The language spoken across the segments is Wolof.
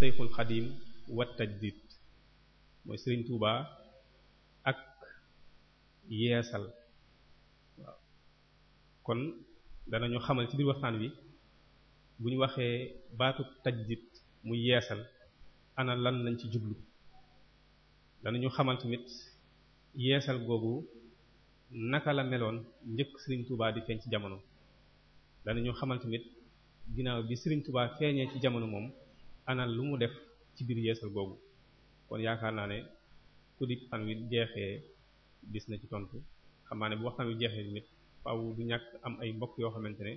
seyxul xadim wa tajdid mooy sëriñ Touba ak yeesal waaw kon danañu xamal ci biir waxtaan wi bu ñu waxee baatu taj tajdid mu yeesal ana lan lañ ci jublu danañu xamal tamit yeesal googu naka la meloon njëkk sëriñ Touba di feeñ ci jamono danañu xamal tamit ginnaaw bi sëriñ Touba feeñee ci jamono moom ana lu mu def ci biir yeesal googu kon yaakaar naa ne ku di fan wi jeexee gis na ci tontu xamaa ne bu waxtaan wi jeexee nit faaw du ñàkk am ay mbokk yoo xamante ne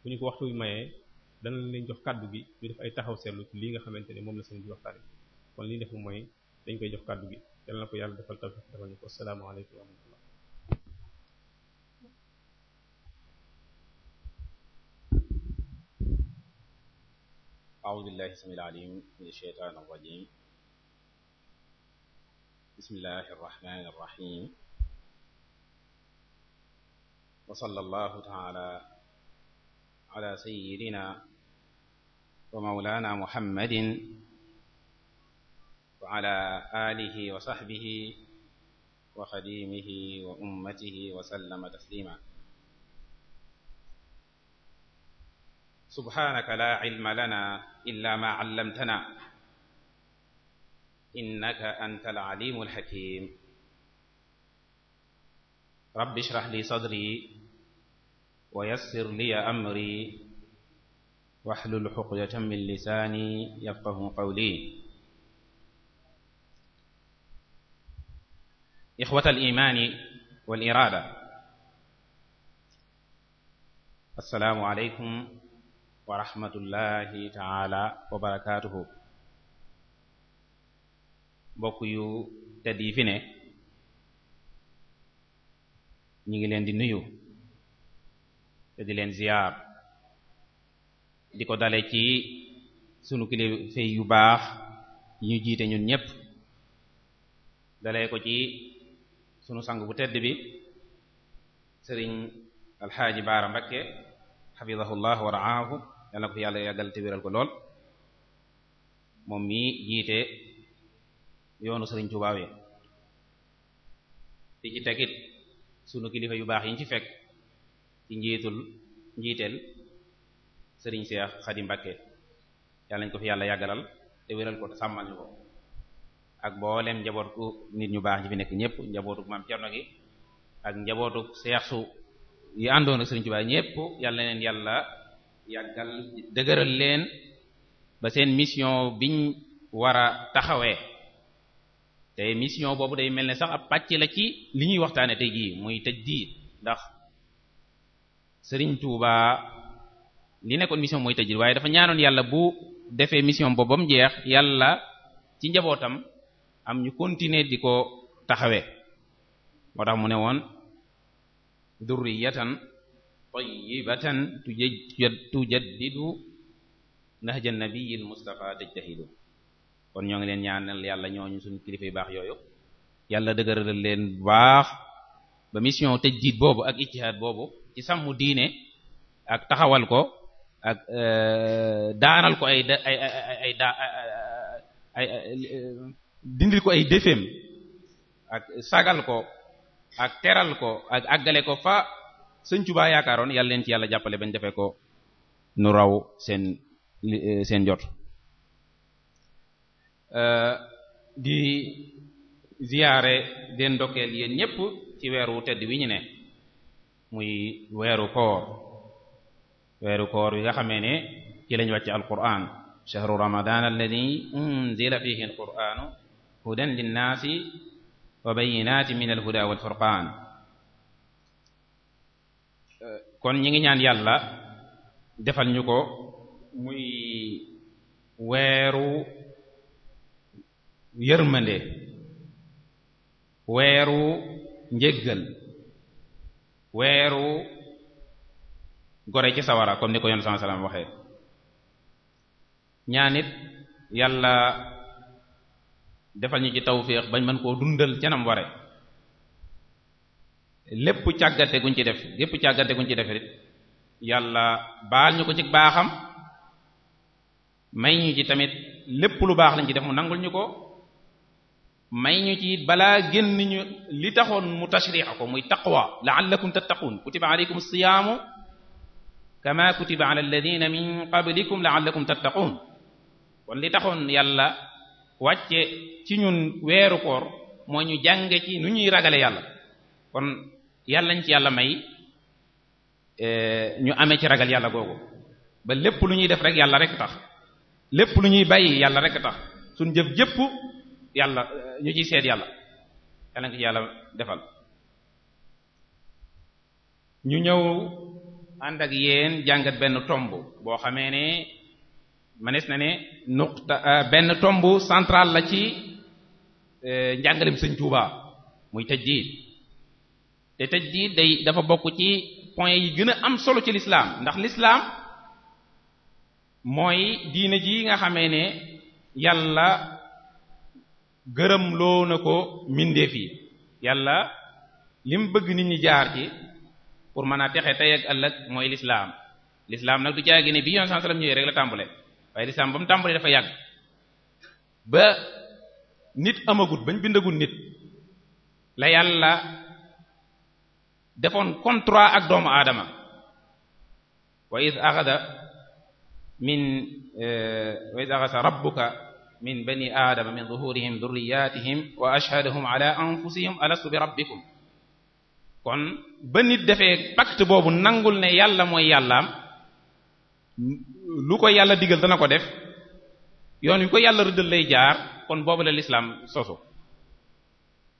bu ñu ko waxtu mayee dana leen jox kàddu gi ñu def ay taxaw seetlu ci lii nga xamante ne moom la seen bi waxtaane kon li ñu def mooy dañ koy jox kàddu gi yàlla na ko yàlla defal tawfiq defal ñu ko asalaamaaleykum wa rahmatullah أعوذ بالله السميع العليم من الشيطان الرجيم بسم الله الرحمن الرحيم وصلى الله تعالى على سيدنا ومولانا محمد وعلى آله وصحبه وخديمه وأمته وسلم تسليما subhaanaka laa ilma lanaa illaa maa allamtanaa innaka antal aliimul hakiim rabbi shrah li sadrii wa yassir li amrii wahlul uqdatan min lisaanii yafqahu qawlii ixwatal iimaani wal iraada assalaamu aleykum wa rahmatullahi taala wa barakaatuhu mbokk yu tedd yi fi ne ñu ngi leen di nuyu te di leen ziyaar di ko dale ci sunu kilifa yu baax yi ñu jiite ñun ñépp dalee ko ci sunu sang bu tedd bi sëriñ alxaaji baara mbakke xafidahullah wa raahu yal ko fi yàlla yàggal te wéral ko lool moom mii jiite yoonu Sëriñ Tuubaa wi di ci tegit sunu kilifa yu baax yi ñu ci fekk ci njiitul njiiteel Sëriñ Seex Xadim Mbàkke yàlla nañ ko fi yàlla yàggalal te wéral ko te sàmmal ñu ko ak mboolem njaboot ku nit ñu baax ñi nekk ñëpp njabootu maam Cerno gi ak njabootu seexsu yi àndoon Sëriñ Tuubaa ñëpp yàlla na leen yàlla yàggal dëgëral leen ba seen mission biñ war a taxawee te mission boobu day mel ne sax ab pàcc la ci li ñuy waxtaane tey jii muy tëj diit ndax sëriñ Touba li nekkoon mission mooy tëj diit waaye dafa ñaanoon yàlla bu defee mission boobu ba mu jeex yàlla ci njabootam am ñu continuer di ko taxawee moo tax mu ne woon durriyatan tayyibatan tujaddidu nahja nabiyil mustafa tajtahidu kon ñoo ngi leen ñaanal yàlla ñooñu suñu kilifa yu baax yooyu yàlla dëgëralal leen bu baax ba mission tajdiid boobu ak ijtihaad boobu ci sàmm diine ak taxawal ko ak euh, daanal ko ay dindil ko ay defeem ak sagal ko ak teral ko ak àggale ko fa sëñ Tuba yaakaaroon yàlla leen ci yàlla jàppale bañ defee ko nu raw seen eh, seen jot euh, di ziyaare den ndokkeel yéen ñépp ci weeru tedd wi ñu ne muy weeru koor weeru koor yi nga xamee ne ci lañ wàcce alquran shahru ramadan alladhi unzila fihi alquranu hudan linnaasi wa bayyinatin min alhuda walfurqan kon ñi ngi ñaan yàlla defal ñu ko muy weeru yërmande weeru njéggal weeru gore ci sawara comme ni ko yoon sallallahu alayhi wasallam ñaanit yàlla defal ñu ci tawféex bañ mën koo dundal canam ware lépp càggante guñ ci def lépp càggante guñ ci defee yàlla baal ñu ko ci baaxam may ñu ci tamit lépp lu baax lañ ci def mu nangul ñu ko may ñu ci balaa génn ñu li taxoon mu tashri'a ko muy taqwa la'allakum tattaqun kutiba alaykum as-siyamu kama kutiba ala alladhina min qablikum la'allakum tattaqun kon li taxoon yàlla wàcce ci ñun weeru koor moo ñu jànge ci nu ñuy ragale yàlla yàlla nañ ci yàlla may eh, ñu amee ci ragal yàlla googu ba lépp lu ñuy def rek yàlla rek tax lépp lu ñuy bàyyi yàlla rek tax suñ jëf jëpp yàlla eh, ñu ciy seet yàlla yàlla nga ci yàlla defal ñu ñëw ànd ak yéen jàngat benn tomb boo xamee ne mënees na ne nuqta eh, benn tomb central la ci njàngalem Sëriñ Tuubaa muy tajdiid te tajdiid day dafa bokk ci point yi gën a am solo ci lislaam ndax lislaam mooy diine ji nga xamee ne yàlla gërëm loo na ko mbindeef yi yàlla lim bëgg nit ñi jaar ci pour mën a texe tey ak ëllëg mooy lislaam lislaam nag du caagi ne bi yoon sallallahu alayhi wasallam ñëwee rek la tàmbale waaye lislaam ba mu dafa yàgg ba nit amagut bañ bindagul nit la yàlla defoon contrat ak doomu aadama wa id axada min eh, rabbuka min bani aadama min zuhurihim dhurriyyatihim wa ashhadahum ala anfusihim alastu bi kon ba nit defee boobu nangul ne yàlla mooy yàllaam lu ko yàlla digal dana ko def yoon yu ko yàlla rëddal lay jaar kon boobu la lislaam sosu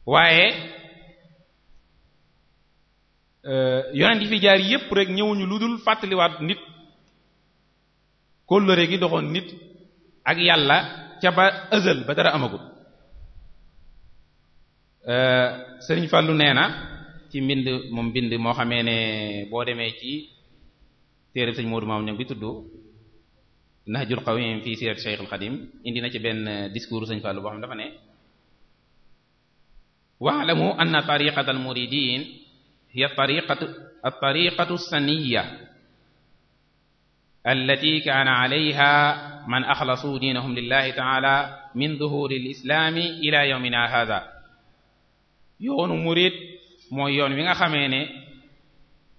waaye Euh, yonent yi fi jaar yépp rek ñëwuñu lu dul fàttaliwaat nit kóllëre gi doxoon nit ak yàlla ca ba ëzël ba dara amagul euh, sëriñ Fallou nee na ci mbind mu mbind moo xamee ne boo demee ci téere sëñ Modou Maam ñoom bi tudd Nahjul Qawim fii sirat Cheikhul Xadim indi na ci benn discours sëñ Fallou boo xam dafa ne wa'lamu anna tariqatal muridin هي الطريقة الطريقة السنية التي كان عليها من أخلصوا دينهم لله تعالى من ظهور الإسلام إلى يومنا هذا yoonu murid mooy yoon wi nga xamee ne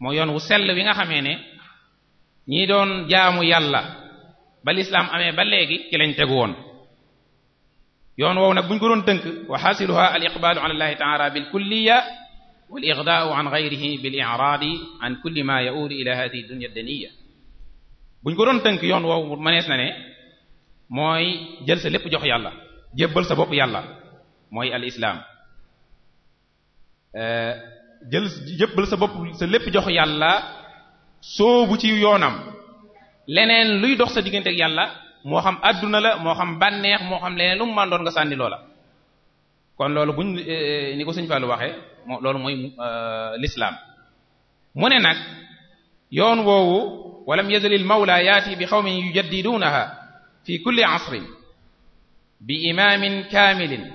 mooy yoon wu sell wi nga xamee ne ñi doon jaamu yàlla ba lislaam amee ba léegi ci lañ tegu woon yoon woow nag buñ ko doon tënk wa xasiluha al iqbaalu ala allahi taala bil kulliya wal ighda'u an ghayrihi bil i'radi an kulli ma ya'udu ila hadhihi dunya daniya buñ ko doon tënk yoon woowu mënees na ne mooy jël sa lépp jox yàlla jébbal sa bopp yàlla mooy al islam jël jébbal sa bopp sa lépp jox yàlla soobu ci yoonam leneen luy dox sa diggante ak yàlla moo xam adduna la moo xam bànneex moo xam leneen lu mu mën doon nga sànni loola kon loolu buñ eh, eh, ni ko sëñ Fallou waxee moo loolu mooy eh, l'islam mu ne nag yoon woowu walam yazalil mawla yaati bi xawmin yujaddiduunaha fi kulli asrin bi imaamin kaamilin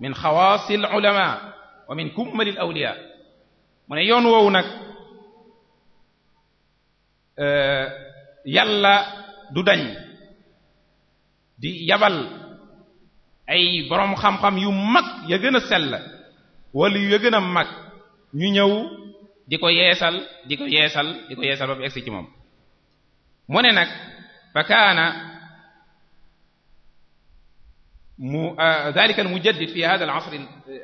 min xawaasil ulama wa min kummalil awliya mu ne yoon woowu nag yàlla du dañ di yabal ay boroom xam-xam yu mag ya gën a sell wala yu ya gën a mag ñu ñëw di ko yeesal di ko yeesal di ko yeesal ba bu egsi ci moom mu ne nag fa kaana mu dalika ah, al mujaddid fi hada al asr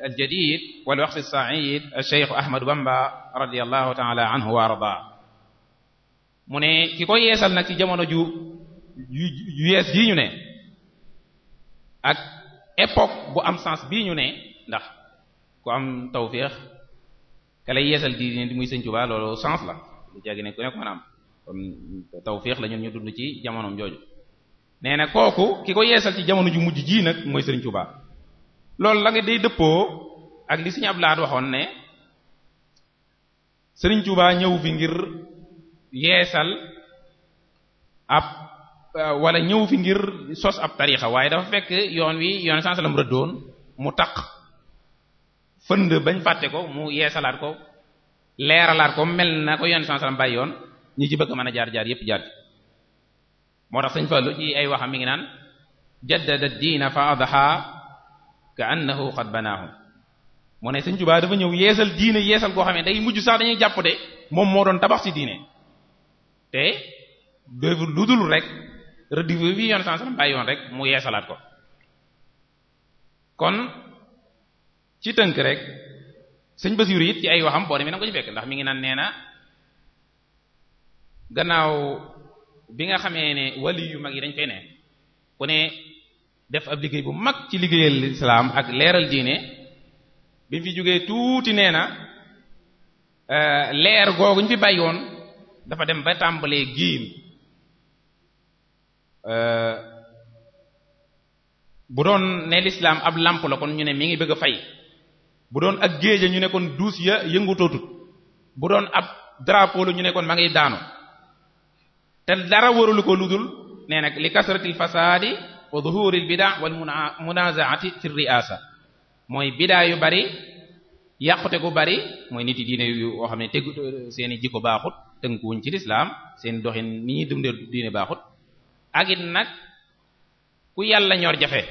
al jadid wal waqt al sa'id al shaykh Ahmad Bamba radiyallahu ta'ala anhu wa arda mu ne ki ko yeesal nag ci jamono ju ju yees ji ñu ne ak époque bu am sens bii ñu ne ndax ku am tawféex ka lay yeesal diine di muy Sëriñ Tuubaa loolu sens la lu jàggi ne ku nekk mën am kon tawféex la dund ci jamonoom jooju nee na kooku ki ko yeesal ci jamono ju mujj jii nag mooy Sëriñ Tuubaa loolu la nga day dëppoo ak li Sëriñ Abdou Lahad waxoon ne Sëriñ Tuubaa ñëw fi ngir yeesal ab Euh, wala ñëw fi ngir sos ab tarixa waaye dafa fekk yoon wi yoon sansalam rëddoon mu tax fënd bañ fàtte ko mu yeesalaat ko leeralaat ko mel na ko yoon sansalam bàyyi yoon ñu ci bëgg mën a jaar jaar yépp jaar moo tax sëñ Fallu ci ay waxam mi ngi naan jaddada diina fa adha ka annahu qad banaahu mu ne sëñ Tuubaa dafa ñëw yeesal diine yeesal koo xam ne day mujj sax dañuy jàpp moom moo doon tabax ci diine te doyul lu dul rek rëdd bi yoon sans salam bàyyi woon rek mu yeesalaat ko kon ci tënk rek sëñ Basiru it ci ay waxam boo demee na ko ci fekk ndax mi ngi naan nee na gannaaw bi nga xamee ne wali yu mag yi dañ fee ne ku ne def ab liggéey bu mag ci liggéeyal lislaam ak leeral diine bi mu fi jógee tuuti nee na eh, leer googu ñu fi bàyyi woon dafa dem ba tàmbalee giin Euh, bu doon ne lislaam ab làmp la kon ñu ne mi ngi bëgg a fay bu doon ak géej ñu ne kon duus ya yëngutootut bu doon ab drapeau la ñu ne kon ma ngi daanu te dara warulu ko ludul nee nag li kasratil fasaadi wa dhuhuril bida wal munazaati fi riasa mooy bidaa yu bari yàqute gu bari mooy nit yi diine yu yoo xam ne tegu seeni jikko baaxut tënkuwuñ ci lislaam seeni doxin ni ñuy dundee diine baaxut ak nag ku yàlla ñor jafe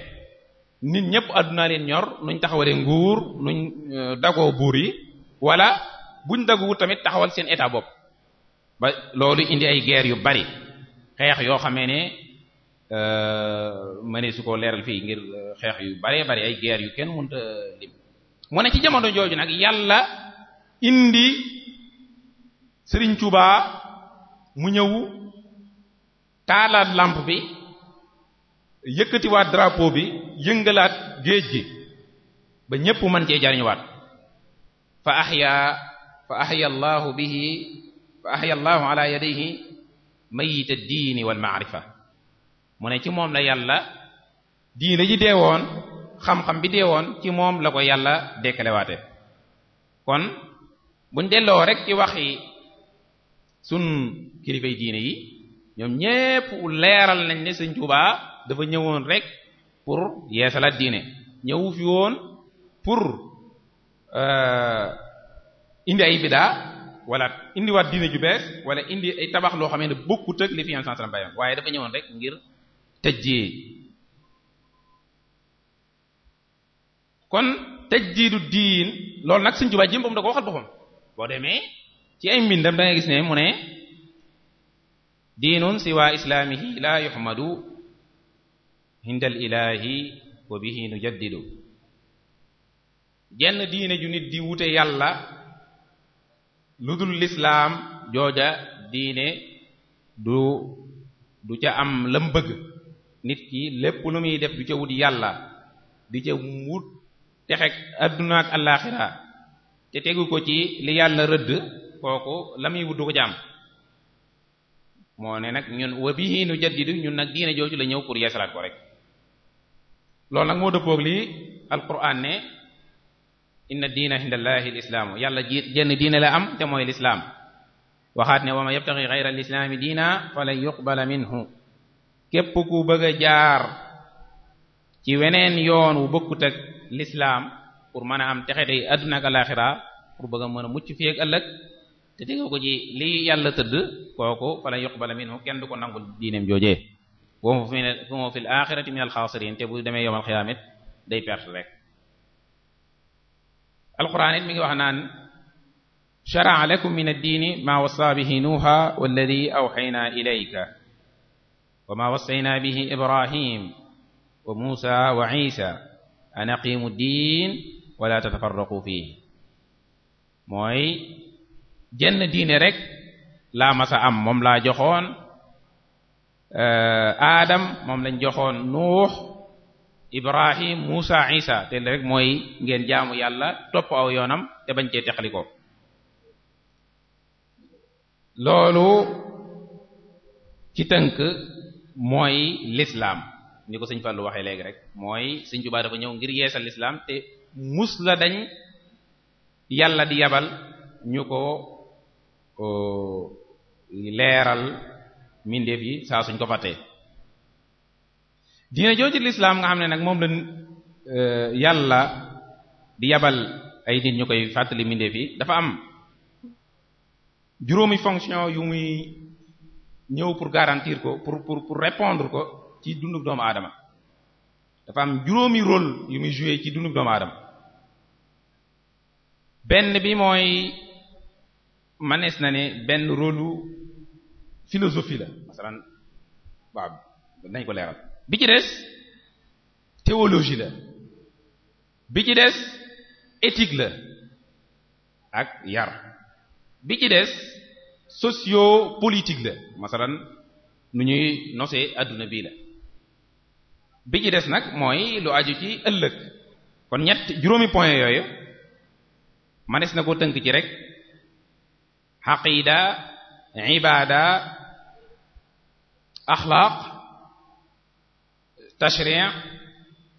nit ñëpp àdduna leen ñor nuñ taxawalee nguur nuñ euh, dagoo buur yi wala buñ daguwul tamit taxawal seen état bopp ba loolu indi ay guerre yu bari xeex yoo xamee ne euh, mënee su ko leeral fii ngir euh, xeex yu baree bari ay guerre yu kenn mënta jamono jooju nag yàlla indi Serigne Touba mu ñëw taalaat làmp bi yëkkatiwaat drapeau bi yëngalaat géej gi ba ñépp mën cee jariñuwaat fa ahya fa ahya allahu bihi fa ahya allahu ala yadayhi mayita diini wal mu ne ci moom la yàlla diine ji dee woon xam-xam bi dee woon ci moom la ko yàlla dekkalewaate kon buñ delloo rek ci waxi sun kilifay diine yi ñoom ñépp leeral nañ ne Sëriñ Tuubaa dafa ñëwoon rek pour yeesalaat diine ñëwu fi woon pour euh, indi ay bidaa wala indiwaat diine ju bees wala indi ay tabax loo xamee ne bokkut ak li fi yonent sallam bayoon waaye dafa ñëwoon rek ngir tëjjee kon tajdiidu diin loolu nag Sëriñ Tuubaa jëm bam da ko waxal boppam boo demee ci ay mbindam da ngay gis ne mu ne diinun siwa islaamihi la yuhmadu inda al ilahi wa bihi nujaddidu jenn diine ju nit di wute yàlla lu dul lislaam jooja diine du du ca am lam bëgg nit ki lépp lu muy def du ca wut yàlla di ca wut texeg adduna ak te tegu ko ci li yàlla rëdd kooku la muy wut du ko ca moo ne nag ñun wa bihi nu jaddidu ñun nag diine jooju la ñëw pour yeesalaat ko rek loolu nag moo dëppoog lii alquran ne inna diina indallahi alislaamu yàlla ji jenn diine la am te mooy lislaam waxaat ne wa ma yabtaxi xayra alislaami diina falan yuqbala minhu képp ku bëgg jaar ci weneen yoon wu bokkut ak lislaam pour mën a am texe day adduna ak alaxira pour bëgg mën a mucc fi ak ëllëg te dégg ko ci li yàlla tëdd kooku fala yuqbala minhu kenn du ko nangu diineem joojee wa huwa fil axirati min al xaasiriin te bu demee yowmal xiyaamit day perte rek alquran it mi ngi wax naan shara'a lakum min ad-diini maa wasaa bihi nuuha walladii awxaynaa ilayka wa maa wasaynaa bihi ibrahim wa muusa wa isa an aqiimu diin wala tatafarraqu fiihi mooy jenn diine rek laa masa am moom laa joxoon euh, Adam moom lañ joxoon Nuux Ibrahim Muusa Isa te rek mooy ngeen jaamu yàlla topp aw yoonam te bañ cee teqali loolu ci tënk mooy lislaam ni ko sëñ Fallou waxee léegi rek mooy sëñ Tuubaa dafa ñëw ngir yeesal l'islam te mus la dañ yàlla di yabal ñu ko leeral mindeef yi saa suñ ko fàttee diine jooju lislaam nga xam ne nag moom la eh, yàlla di yabal ay nit ñu koy fàttali mindeef yi dafa am juróomi fonction yu muy ñëw pour garantir ko pour pour pour répondre ko ci dundu doomu aadama dafa am juróomi rôle yu muy jouer ci dundu doomu aadama benn bi mooy manees na ne benn rôlu philosophie la masalan waaw nañ ko leeral bi ci des théologie la bi ci des éthique la ak yar bi ci des sociopolitique la masalan nu ñuy nosee àdduna bii la bi ci des nag mooy lu aju ci ëllëg kon ñett juróomi point yooyu manees na koo tënk ci rek aqiida ibaada axlaaq tashri'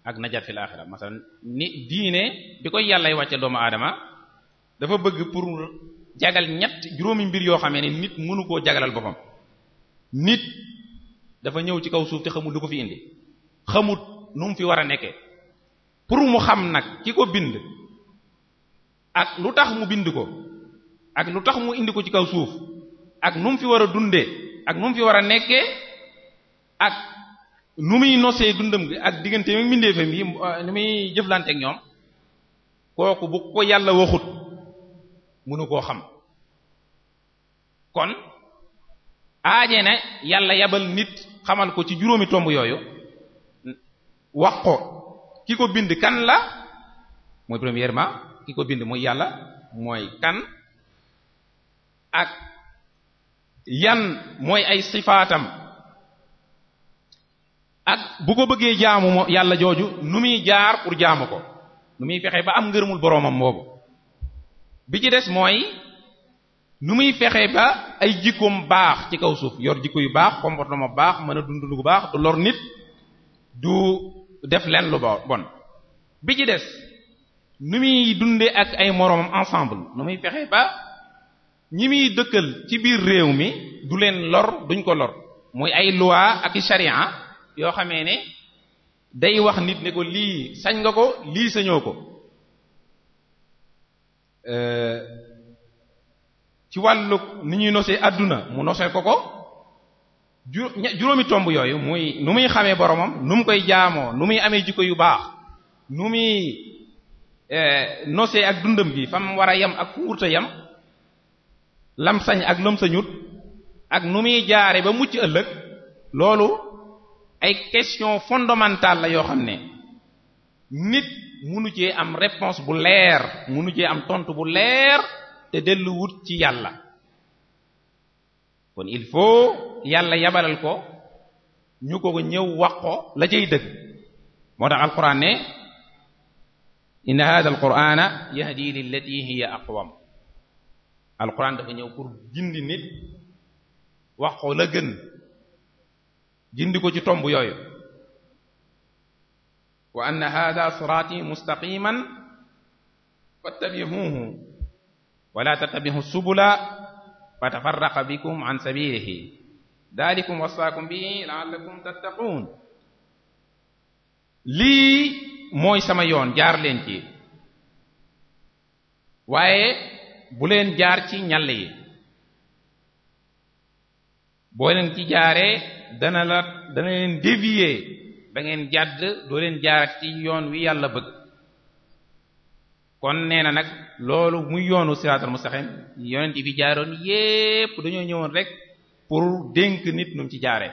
ak najat fil axira masalan ni diine bi koy yàllay wàcce doomu aadama dafa bëgg pour jagal ñett juróomi mbir yoo xamee ne nit mënu koo jagalal boppam nit dafa ñëw ci kaw suuf te xamul lu ko fi indi xamut nu mu fi war a nekke pour mu xam nag ki ko bind ak lu tax mu bind ko ak lu tax mu indi ko ci kaw suuf ak nu mu fi war a dundee ak nu mu fi war a nekkee ak nu muy nosee dundam gi ak diggante mi mbindeefam yi nu ak ñoom kooku bu ko yàlla waxut mënu koo xam kon aaje ne yàlla yabal nit xamal ko ci juróomi tomb yooyu wax ko ki ko bind kan la mooy premièrement ki ko bind muy yàlla mooy kan ak yan mooy ay sifaatam ak bu ko bëggee jaamu yàlla jooju nu muy jaar pour jaamu ko nu muy fexe ba am ngërëmul boroomam boobu bi ci des mooy nu muy fexe ba ay jikkoom baax ci kaw suuf yor jikko yu baax comportement baax mën a dund lu baax du lor nit du def leen lu bon bi ci des nu muy dunde ak ay moroomam ensemble nu muy fexe ba ñi muy dëkkal ci biir réew mi du leen lor duñ ko lor muy ay loi ak i charia yoo xamee ne day wax nit ne ko lii sañ nga ko lii sañoo ko euh, ci wàllu ni ñuy nosee àdduna mu nosee ko ko juróomi tomb yooyu muy nu muy xamee boromam nu mu koy jaamoo nu muy amee jikko yu baax nu muy euh, nosee ak dundam bi fam war a yem ak fu yam lam ak lam ak nu muy jaare ba mucc ëllëg loolu ay question fondamentale la yoo xam ne nit munu cee am réponse bu leer munu cee am tontu bu leer te dellu ci yàlla kon il faut yàlla yabalal ko ñu ko ñëw wax ko la cay dëgg moo tax alquran ne inna hadha alqur'ana yahdi lillati hiya aqwam alquran dafa ñëw pour gindi nit wax ko la gën gindi ko ci tomb yooyu wa anna hada siraati mustaqiman fattabihuhu wala tattabihu subula fatafarraqa bikum an sabilihi dalikum wasaakum bihi la'allakum tattaqun lii mooy sama yoon jaar leen ci waaye bu leen jaar ci ñàll yi boo leen ci jaaree dana la dana leen dévier dangeen jàdd doo leen jaar ci yoon wi yàlla bëgg kon nee na nag loolu muy yoonu siraatal mustaqim yonent bi jaaroon yépp dañoo ñëwoon rekk pour dénk nit nu ci jaaree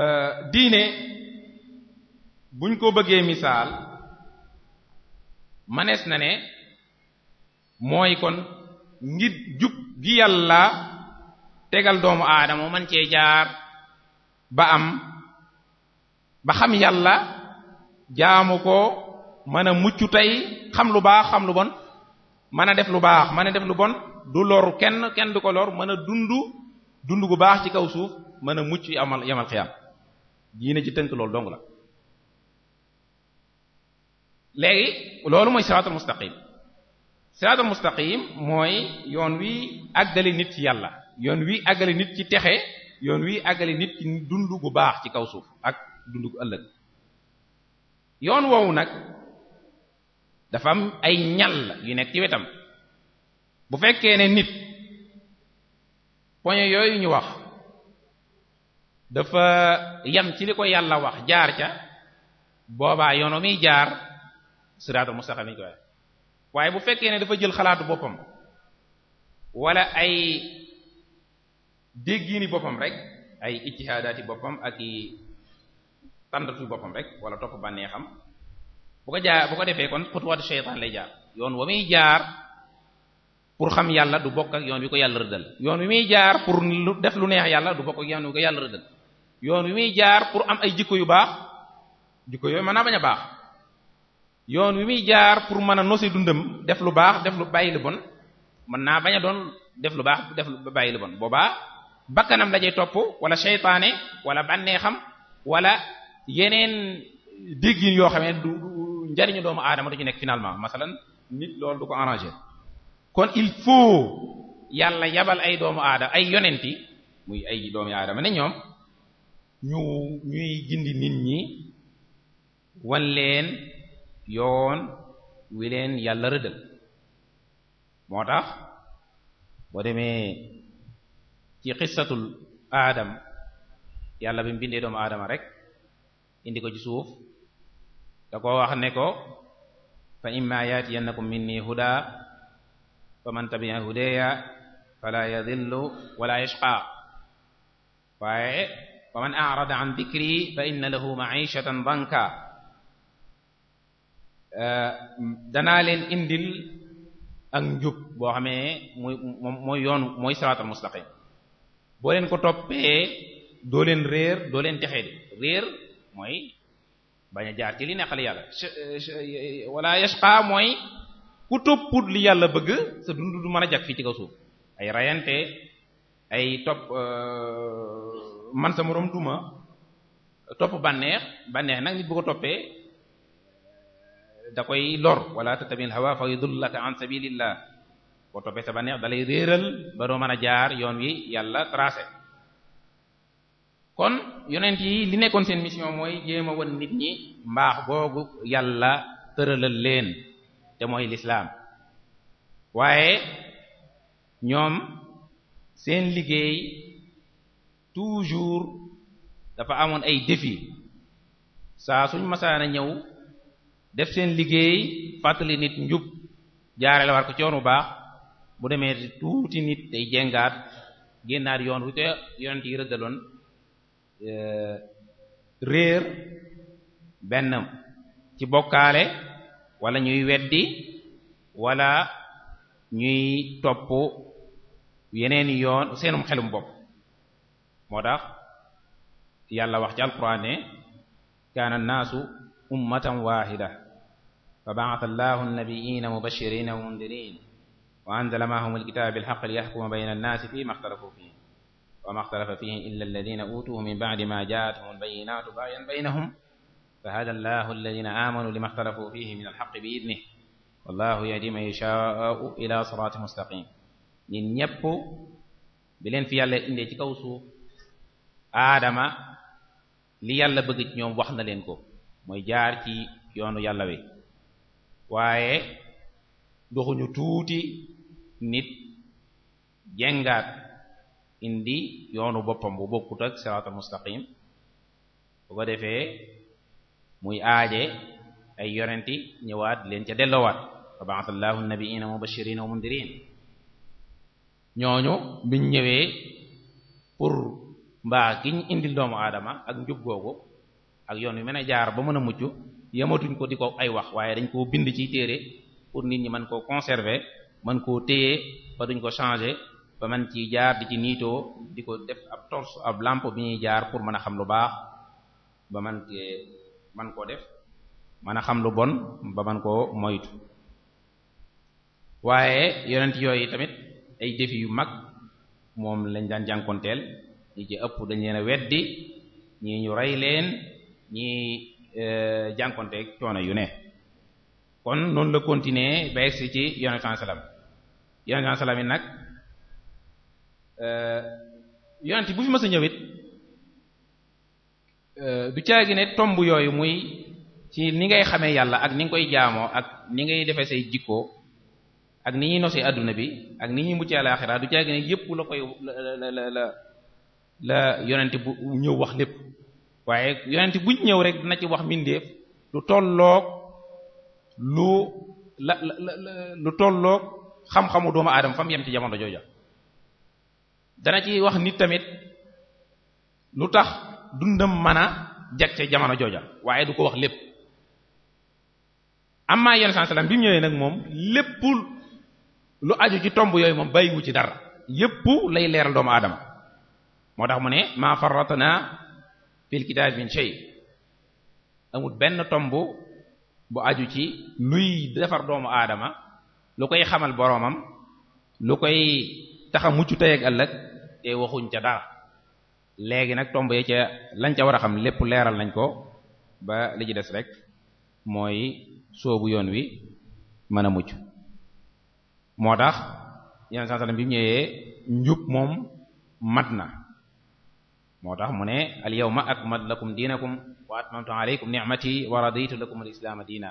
euh, diine buñ ko bëggee misaal manees na ne mooy kon ngir jub gi yàlla tegal doomu aadama man cee jaar ba am ba xam yàlla jaamu ko mën mucc tey xam lu baax xam lu bon mën a def lu baax mën a def lu bon du lor kenn kenn du ko lor mën a dund dund gu baax ci kaw suuf mën a mucc amal yamal yii diine ci tënk loolu dong la léegi loolu mooy siraatul mustaqim siraatul mustaqim mooy yoon wi àggale nit ci yàlla yoon wi àggale nit ci texe yoon wi àggale nit ci dund gu baax ci kaw suuf ak dund gu ëllëg yoon woowu nag dafa am ay ñal yu nekk ci wetam bu fekkee ne nit poñe yooyu ñu wax dafa yam ci li ko yàlla wax jaar ca boobaa yoonu miy jaar siraatal mu lañ koy wax waaye bu fekkee ne dafa jël xalaatu boppam wala ay déggiini boppam rek ay ijtihaadaati boppam ak i tàndatu boppam rek wala topp bànneexam bu ko jaar bu ko defee kon xutuwaatu shaytaan lay jaar yoon wa muy jaar pour xam yàlla du bokk ak yoon wi ko yàlla rëddal yoon wi jaar pour def lu neex yàlla du bokk ak yoon wi ko yàlla rëddal yoon wi muy jaar pour am ay jikko yu baax jikko yooyu mën naa bañ a baax yoon wi muy jaar pour mën a nosi dundam def lu baax def lu bàyyi lu bon mën naa bañ a doon def lu baax def lu bàyyi lu bon boobaa bakkanam la cay topp wala seytaane wala bànneexam wala yeneen déggin yoo xam du njariñu doomu aadama du ci nekk finalement masalan nit loolu du ko arranger kon il faut yàlla yabal ay doomu aadama ay yonenti muy ay doomu aadama ne ñoom ñu ñuy gindi nit ñi wan yoon wi leen yàlla rëddal moo tax boo demee ci xissatul aadam yàlla bi mu bindee doomu aadama rek indi ko ci suuf da ko wax ne ko fa imma yatiyannakum minni huda fa man tabi'a hudaya fala yadhillu wala yashqa waaye wa man a'rada an dhikri fa inna lahu ma'ishatan danka Euh, danaa leen indil ak njub boo xamee muy mooy yoonu mooy siraatal mustaqim boo leen ko toppee doo leen réer doo leen texee réer mooy bañ a jaar ci li neexal yàlla wala yashqa mooy ku topput li yàlla bëgg sa dund du mën a jag fii ci kaw suuf ay rayante ay topp euh, man sa moroom duma topp bànneex bànneex nag nit bu ko toppee da koy lor wala tattabil hawa fa yudullaka an sabilillah boo toppee sa bànneex dalay réeral ba doo mën a jaar yoon wi yàlla tracé kon yonent yi li nekkoon seen mission mooy jéem a won nit ñi mbaax googu yàlla tëralal leen te mooy lislaam waaye ñoom seen liggéey toujours dafa amoon ay défi saa suñ masaana ñëw def seen liggéey fàttali nit njub jaare la war ko ci yoon baax bu demee tuuti nit day jengaat génnaat yoon wu te yonent e, réer benn ci bokkaale walla ñuy weddi wala ñuy topp yeneen yoon seenum xelum bopp moo tax yàlla wax ci alquran ne naasu ummatan waaxida fa ba'atha allahu nabiyyiina mubashiriina wa mundiriin wa anzala maahum alkitaaba bilhaqqi liyaxkuma bayna annaasi fiimaa ixtalafu fiihi wa maa ixtalafa fiihi illa alladiina uutuuhu min ba'di maa jaa'athum albayyinaatu bagyan baynahum fahadaa allahu alladiina aamanuu limaa ixtalafuu fiihi min alhaqqi bi-idnihi wallaahu yahdi man yashaa'u ilaa siraatin mustaqiim ñun ñépp bi leen fi yàlla indee ci kaw suuf aadama li yàlla bëgg ci ñoom wax na leen ko moy jaar ci yoonu yàlla wi waaye doxuñu tuuti nit jengaat indi yoonu boppam bu bokkut ak siraatal mustaqim bu ko defee muy aaje ay yonenti ñëwaat leen ca delloowaat fa ba'athallahu nabiyina mubashirina wa mundirin ñooñu biñ ñëwee pour mbaa giñ indil doomu aadama ak njub googu ak yoon wi mën a jaar ba mën a mucc yamatuñ ko di ko ay wax waaye dañ koo bind ci téere pour nit ñi mën koo conserver man koo téye ba duñ ko changer ba mën ci jaar di ci niitoo di ko def ab torche ab lampe bi ñuy jaar pour mën a xam lu baax ba mën cee mën koo def mën a xam lu bon ba man koo moytu waaye yonent yooyu tamit ay défi yu mag moom lañ daan jànkonteel ñi ci ëpp dañ leen a weddi ñii ñu rey leen ñi eh, jànkonteeg coono yu ne kon noonu la continuer ba egsi ci yonent bi salaam yonent bi salaam yi nag eh, yonent bu fi mës a ñëw it eh, du ne tomb yooyu muy ci ni ngay xamee yàlla ak ni nga koy jaamoo ak ni ngay defee say jikko ak ni ñuy nosee àdduna bi ak ni ñuy mucc àlaxira du caagi ne yépp la koy la la la la yonent bu ñëw wax lépp waaye yonent buñ ñëw rek dina ci wax mbindeef lu tolloog lu la la lu tolloog xam-xamu doomu aadama fa mu ci jamono jooja dana ci wax nit tamit lu tax dundam mën a jag ca jamono jooja waaye du ko wax lépp am yenn saa salaam bi mu ñëwee nag moom lépp lu aju ci tomb yooyu moom bàyyiwu ci dara yépp lay leeral doomu aadama moo tax mu ne ma faratna fil kitaab min shay amul benn tomb bu aju ci luy defar doomu aadama lu koy xamal boroomam lu koy taxa mucc tey ak ëllëg te waxuñ ca dara léegi nag tomb ya ca lañ ca war a xam lépp leeral nañ ko ba li ci des rek mooy soobu yoon wi mën a mucc moo tax yenn saa bi mu njub moom mat na moo tax mu ne al yawma akmaltu lakum diinakum wa atmamtu alaykum ni'mati wa raditu lakum al islaama diina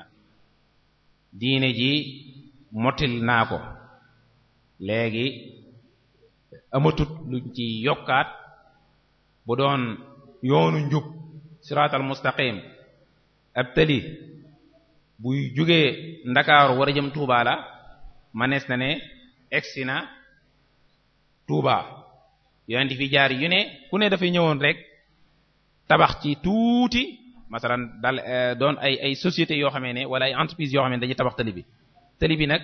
diine ji motil naa ko léegi amatut luñ ci yokkaat bu doon yoonu njub siraatal mustaqim ab tëli bu jógee ndakaaru war a jëm Tuuba la manees na ne egsi na Tuuba yonent fi jaar yu ne ku ne dafay ñëwoon rek tabax ci tuuti masalan dal eh, doon ay ay sociétés yoo xamee ne wala ay entreprises yoo xam ne dañuy tabax tali bi tali bi nag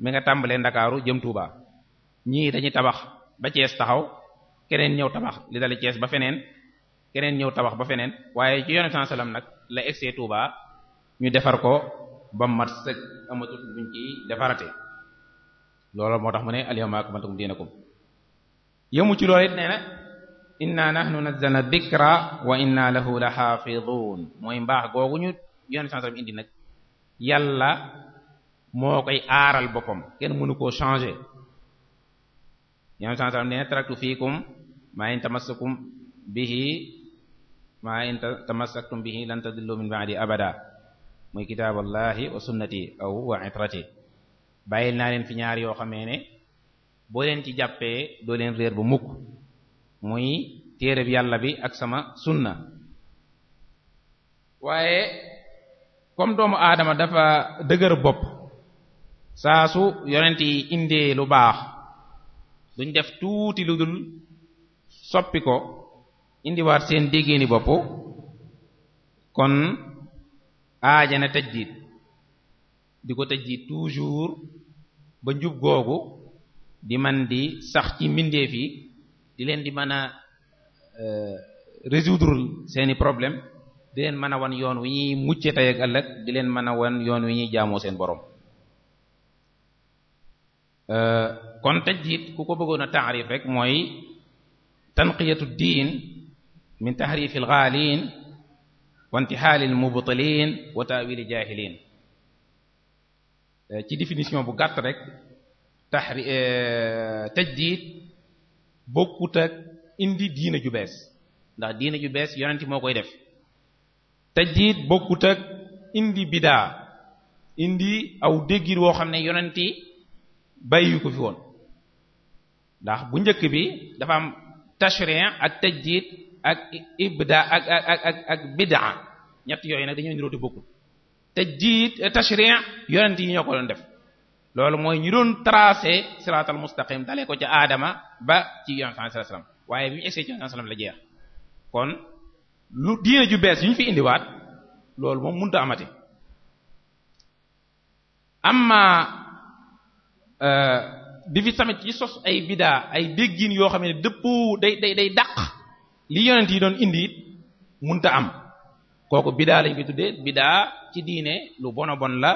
mi nga tàmbalee Ndakaaru jëm Touba ñii dañuy tabax ba taxaw keneen ñëw tabax li dale ba feneen keneen ñëw tabax ba feneen waaye ci nag la egsee Touba ñu defar ko ba mat sëg amatul buñ ci defarate loolu moo tax mu ne al yawma diinakum yëmu ci loolu it nee na inna nahnu nazzalna dhikra wa inna lahu la xaafidun mooy mbaax googu ñu yonent sallallahu alayhi wasallam indi nag yàlla moo koy aaral boppam kenn mënu koo changer yonent sallallahu alayhi wasallam nee na taraktu fiikum maa in tamassakum bihi maa in tamassaktum bihi lan tadillu min ba'di abada muy kitaaballahi wa sunnati aw wa itrati bàyyil naa leen fi ñaar yoo xamee ne boo leen ci jàppee doo leen réer bu mukk muy téere yàlla bi ak sama sunna waaye comme doomu aadama dafa dëgër bopp saa su yonent yi indee lu baax duñ def tuuti lu ko indiwaat seen déggéeni bopp kon aajana tajdiid di ko tajdiid toujours ba njub googu di man di sax ci mbindeef yi di leen di mën a euh, résoudre seeni problème di leen mën a wan yoon wi ñuy mucce tey ak ëllëg di leen mën a wan yoon wi ñuy jaamoo seen borom euh, kon tajdiid ku ko bëggoon a taarif rek mooy tanqiyatu diin min tahrifi alxaaliin wa intihaali almubtiliin wa taawili jaahiliin euh, ci définition bu gàtt rek taxri eh, tajdiid bokkut ak indi diina ju bees ndax diina ju bees yonent moo koy def tajdiid bokkut ak indi bidaa indi aw déggir woo xam ne yonent bàyyi ko fi woon ndax bu njëkk bi dafa am tashrin ak tajdiid ak ibda ak ak ak ñett yooyu nag dañoo niroote bokkul tajdiid eh, tashrin yonent yi ñoo ko doon def loolu mooy ñu doon tracé siraatal mustaqim dalee ko ca aadama ba ci yonent sallallahu alayhi wasallam waaye bi ñu egsee ci yonent sallallahu alayhi wasallam la jeex kon lu diine ju bees yu ñu fi indiwaat loolu moom mënut a amati amma euh, di fi tamit ci sos ay bidaa ay déggin yoo xam ne dëppoo day day day dàq yonent yi doon indi it mënta am kooku bidaa lañ koy tuddee bidaa ci diine lu bona bon la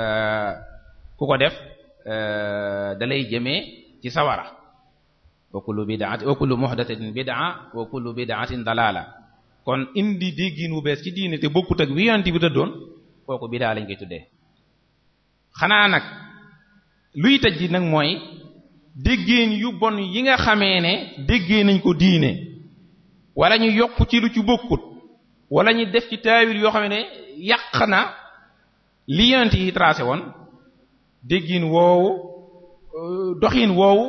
euh, ku ko def euh, dalay jëmee ci sawara wa kullu bid'ati wa kullu muhdathatin bid'a wa kullu bid'atin dalala kon indi déggin wu bees ci diine te bokkut ak wi yonent bi tëddoon kooku bid'a lañ koy tuddee xanaa nag luy tëj nag mooy déggéen yu bon yi nga xamee ne déggee nañ ko diine walla ñu yokk ci lu ci bokkut wala ñu def ci taawil yoo xam ne yàq na li yonent yi tracé woon déggin woowu euh, doxin woowu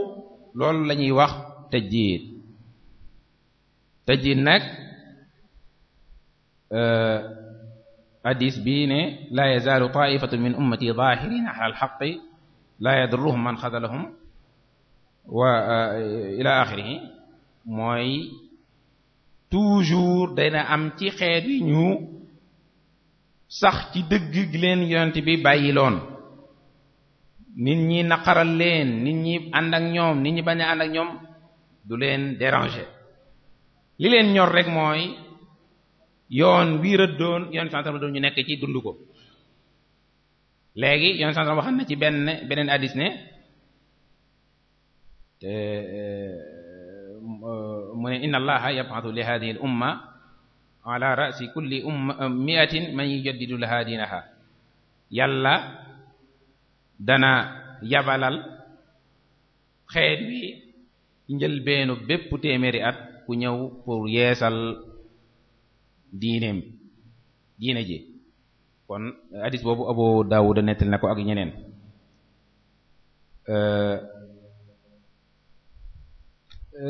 loolu la ñuy wax tajdiid tajdiid nag euh, hadis bii ne laa yazaalu taaifatun min ummati zaahiriina ala alxaqi laa yadurruhum man xadalahum wa euh, ila axirihi mooy toujours dana am ci xeet yi ñu sax ci dëgg gi leen yonent bi bàyyiloon nit ñi naqaral leen nit ñi ànd ak ñoom nit ñi bañ a ànd ak ñoom du leen déranger li leen ñor rek mooy yoon wii rëddoon yoon santam doon ñu nekk ci dund ko léegi yoon santam waxam na ci benn beneen hadis ne te eh, mu ne inna allaha yab'athu li hadhihi al umma ala ra'si kulli umma mi'atin man yujaddidu laha dinaha yàlla dana yabalal xeet wi njëlbeenu bépp téeméeri at ku ñëw pour yeesal diineem diine ji kon hadis boobu Abu Dawud nettali na ko ak ñeneen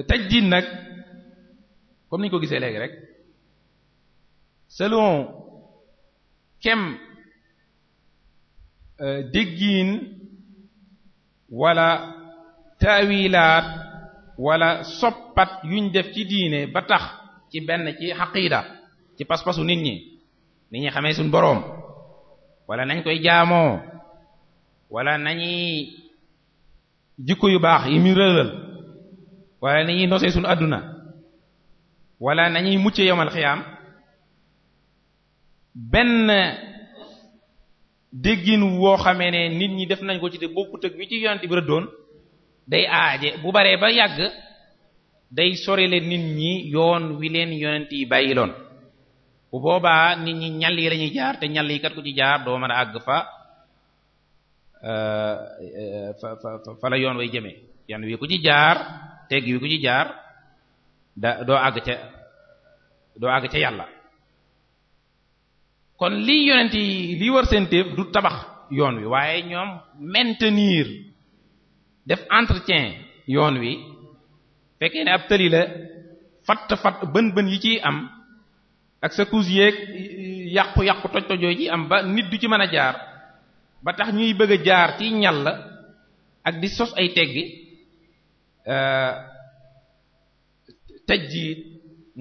tajdiid nag comme niñ ko gisee léegi rek selon kem Euh, déggiin wala taawilaat wala soppat yuñ def ci diine ba tax ci benn ci xaqiida ci pas-pasu nit ñi nit ñi xamee suñ boroom wala nañ koy jaamoo wala nañuy jikko yu baax yi mu rëral wala nañuy nosee suñ àdduna wala nañuy mucce yowmal xiyaam benn déggin woo xamee ne nit ñi def nañ ko ci te bokkut ak bi ci yonent bi rëddoon day aaje bu baree ba yàgg day sori leen nit ñi yoon wi leen yonent bàyyiloon bu boobaa nit ñi ñal yi lañuy jaar te ñal kat ku ci jaar doo mën a àgg fa euh, fa la yoon way jëme yoon wi ku ci jaar tegg wi ku ci jaar doo àgg ca doo àgg ca yàlla kon lii yonent yi lii war seen téef du tabax yoon wi waaye ñoom maintenir def entretien yoon wi fekkee ne ab tëli la fatt fatt bën bën yi ciy am ak sa couche yeeg yàqu yàqu toj tojoo ci am ba nit du ci mën a jaar ba tax ñuy bëgg a jaar ci ñal la ak di sos ay teggi euh, tajjiit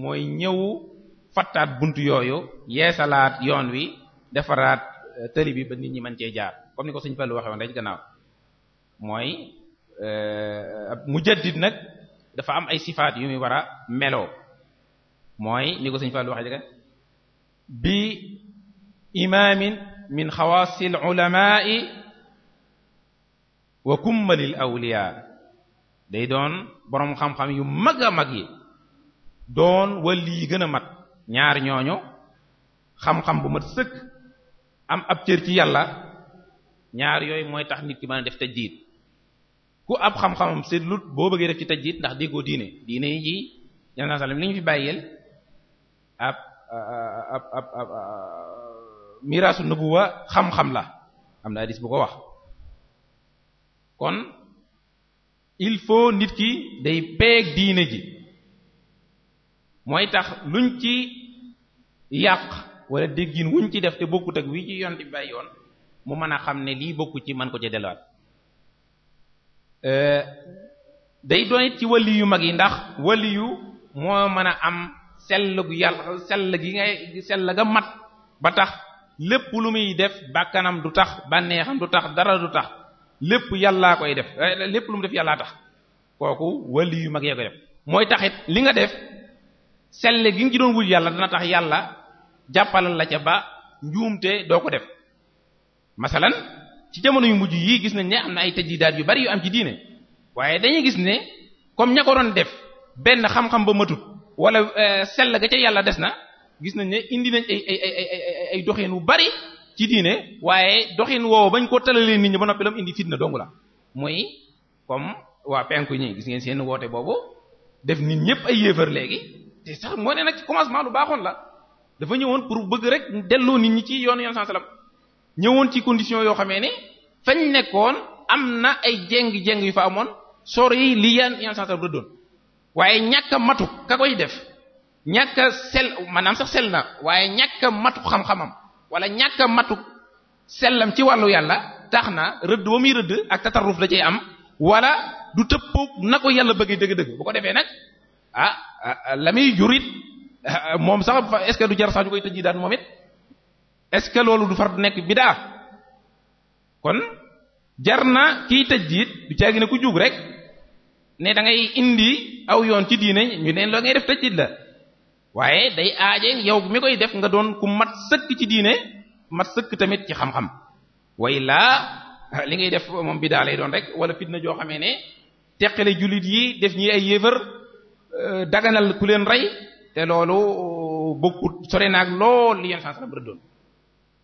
mooy ñëw fattaat bunt yooyu yeesalaat yoon wi defaraat euh, tëli bi ba nit ñi mën cee jaar comme ni ko Sëriñ Fallu waxe woon rek gannaaw mooy euh, mujaddid nag dafa am ay sifaat yu muy war melo meloo mooy ni ko Sëriñ Fallu waxe rek bi imaamin min xawaasil ulamaa'i awliyaa day doon boroom xam-xam yu mag mag yi doon wali yi gën a mat ñaar ñooñu xam-xam bu mat sëkk am ab cër ci yàlla ñaar yooyu mooy tax nit ki mën a def tajdiid ku ab xam-xamam seetlut boo bëggee def ci tajdiid ndax déggoo diine diine yi ji yàlla sallam li ñu fi bàyyeel ab ab miraasu nubuwa xam-xam la am na hadis bu ko wax kon il faut nit ki day peeg diine ji mooy tax luñ ci yàq wala déggin wuñ ci def te bokkut ak wi ci yoon di bàyyi yoon mu mën a xam ne lii bokku ci man ko ci delluwaat euh, day doon ci wali yu mag yi ndax wali yu moo mën a am sell gu yàlla sell gi ngay sell ga mat ba tax lépp lu muy def bàkkanam du tax bànneexam du tax dara du tax lépp yàllaa koy def lépp lu mu def yàllaa tax kooku wali yu mag yee koy def mooy taxit li nga def sell gi nga ci doon wut yàlla dana tax yàlla jàppalal la ca ba njuumte doo ko def masalan ci jamono yu mujj yii gis nañ ne am na ay tajdidaat yu bari yu am ci diine waaye dañuy gis ne comme ña ko doon def benn xam-xam ba wala euh, sell ga ca yàlla des na gis nañ ne indi nañ ay ay doxin wu bari ci diine waaye doxin woowu bañ ko talalee nit ñi ba noppi lam indi fitna dong la mooy comme waa penk ñi gis ngeen seen woote boobu def nit ñépp ay yéefar léegi te sax moo ne nag ci commencement lu baaxoon la dafa ñëwoon pour bëgg rek delloo nit ñi ci yoonu yoon sallam ñëwoon ci condition yoo xamee ne fañ nekkoon am na ay jéng-jéng yu fa amoon sori li yan yoon sallam la waaye ñàkk a matu ka koy def ñàkk sel maanaam sax sel na waaye ñàkk a matu xam-xamam wala ñàkka a matu sellam ci wàllu yàlla tax na rëdd wa muy rëdd ak tatarruf la cay am walla du tëppoog na ko yàlla bëgg dëgg-dëgg bu ko defee nag Ah, ah la muy jurit ah, moom sax est-ce que du jar sax ñu koy tëj daan moom it est-ce loolu du far nekk bidaa kon jar na kiy tëj jiit du caagi ne ku jug rek ne da ngay indi aw yoon ci diine ñu ne loo ngay def tëj jiit la waaye day aaje yow mi koy def nga doon ku mat sëkk ci diine mat sëkk tamit ci xam-xam way laa li ngay def moom bidaa lay doon rek wala fitna joo xamee ne teqale jullit yi def ñi ay yéefar Euh, daganal ku leen rey te loolu euh, bokkut sore naag lool li yenn saa salaam rëddoon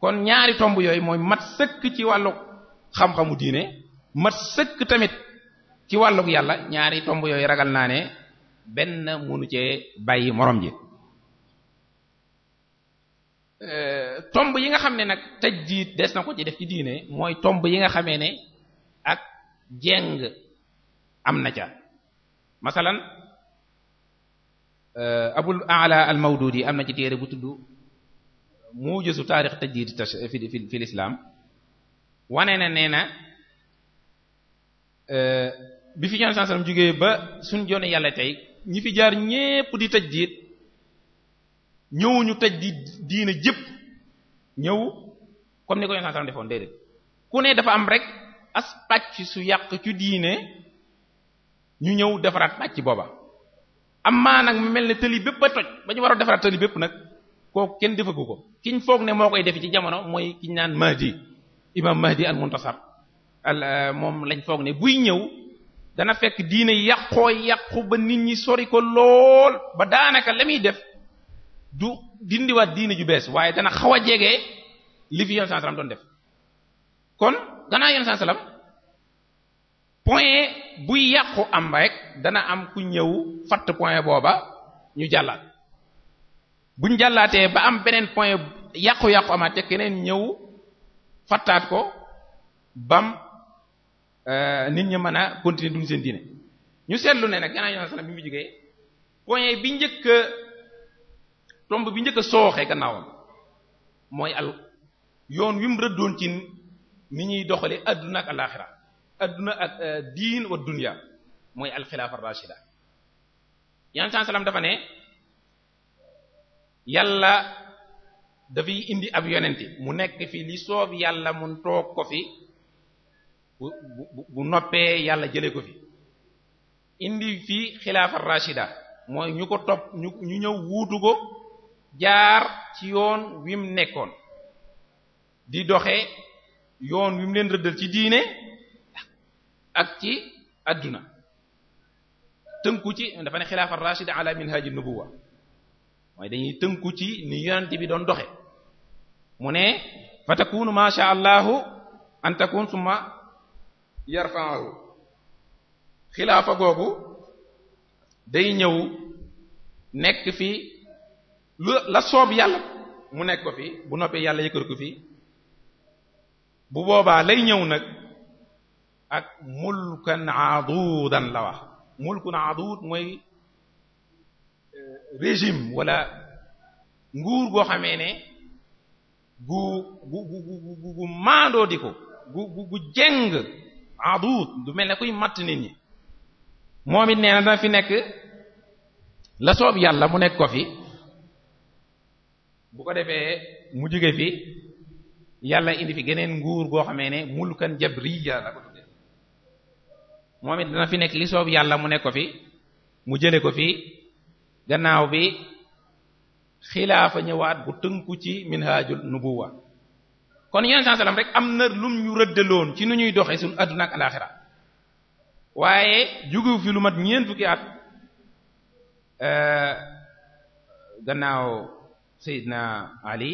kon ñaari tomb yooyu mooy mat sëkk ci wàllu xam-xamu diine mat sëkk tamit ci wàllug yàlla ñaari tomb yooyu ragal naa ne benn munu cee bàyyi moroom ji euh, tomb yi nga xam ne nag tajdiid des na ko ci def ci diine mooy tomb yi nga xamee ne ak jeng am na ca masalan Euh, abul ala al mawdudi am na ci téere bu tudd mujizu taarix tajdid fi fi lislaam wane na nee na euh, bi fi ñoon sansalam jógee ba suñ joone yàlla tey ñi fi jaar ñépp di tajdid ñëwuñu tajdid diina jëpp ñëw comme ni ko ñoon sansalam defoon déedéet ku ne dafa am rek as pàcc su yàq ci diine ñu ñëw defaraat pàcc booba amaa nag mel ne tëli bépp ba toj ba ñu war a defaraat tëli bépp nag kooku kenn defagu ko kiñ foog ne moo koy defi ci jamono mooy kiñ naan Mahdi imam Mahdi al muntasab euh, al moom lañ foog ne buy ñëw dana fekk diine yàqoo yàqu ba nit ñi sori ko lool ba daanaka la muy def du dindiwaat diine ju bees waaye dana xaw a jege li fi yoon sallam doon def kon gannaaw yoon sallam point buy yàqu am rek dana am ku ñëw fatt point booba ñu jàllaat buñ jàllaatee ba am beneen point yàqu-yàqu amaat ca keneen ñëw fattaat ko bam euh, nit ñi mën a continuer duñ seen diine ñu seetlu ne nag gannaaw yoon sana bi mu jógee point bi njëkk a tomb bi njëkk a sooxee gannaawam mooy al yoon wi mu rëddoon cin ni ñuy doxale adduna ak alaxira adduna ak euh, diin wa dunya mooy alxilaafa rashida yonent bi dafa ne yàlla dafay indi ab yonenti mu nekk fi li soob yàlla mu toog ko fi bu bu noppee yàlla jële ko fi indi fi xilaafa rashida mooy ñu ko topp ñu ñëw wuutu ko jaar ci yoon wi mu nekkoon di doxe yoon wi mu leen rëddal ci diine ak ci àdduna tënku ci dafa ne xilaafa rachida ala minhaaji nubuwa mooy dañuy tënku ci ni yonent bi doon doxe mu ne fa takunu ma sha allahu an takun summa xilaafa googu day ñëw nekk fi lu la soob yàlla mu nekk ko fi bu noppee yàlla yëkkati ko fi bu boobaa lay ñëw nag ak mulkan adudan la wax mulkun adud mooy euh, régime wala nguur goo xamee ne gu gu gu gu maandoo di ko gu gu gu jeng adud du mel ne kuy matt nit ñi moom it nee na fi nekk la soob yàlla mu nekk ko fi bu ko defee mu jóge fi yàlla indi fi geneen nguur goo xamee ne mulkan jabriya la ko moom it dana fi nekk li soob yàlla mu nekk ko fi mu jële ko fi gannaaw bi xilaafa ñëwaat bu tënku ci minhajul nubuwa kon yeneen saa salaam rek am na lum ñu rëddaloon ci nu ñuy doxe suñu adduna ak alaaxira waaye jugu fi lu mat ñeent fukki at euh, gannaaw Seydina Ali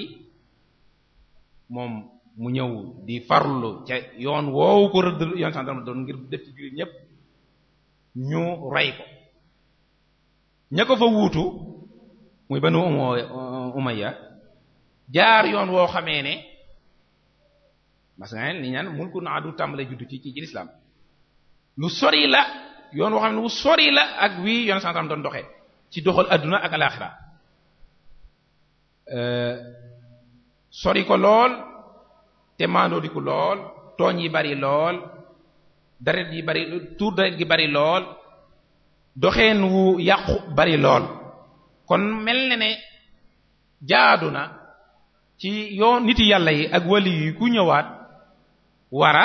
moom mu ñëw di farlu ca yoon woowu ko rëdd yoon sax dama doon ngir def ci jullit ñépp ñu roy ko ña fa wuutu muy banu umayya jaar yoon woo xamee ne parce que ni ñaan mulku naa du tàmbale juddu ci ci lislaam lu sori la yoon woo xam ne lu sori la ak wii yoon sax dama doon doxee ci doxal adduna ak alaaxira sori ko lool te maandoodiku lool tooñ yi bari lool daret yi bari tuur daret gi bari lool doxeen wu yàqu bari lool kon mel na ne jaadu na ci yoon nit yàlla yi ak wali yi ku ñëwaat war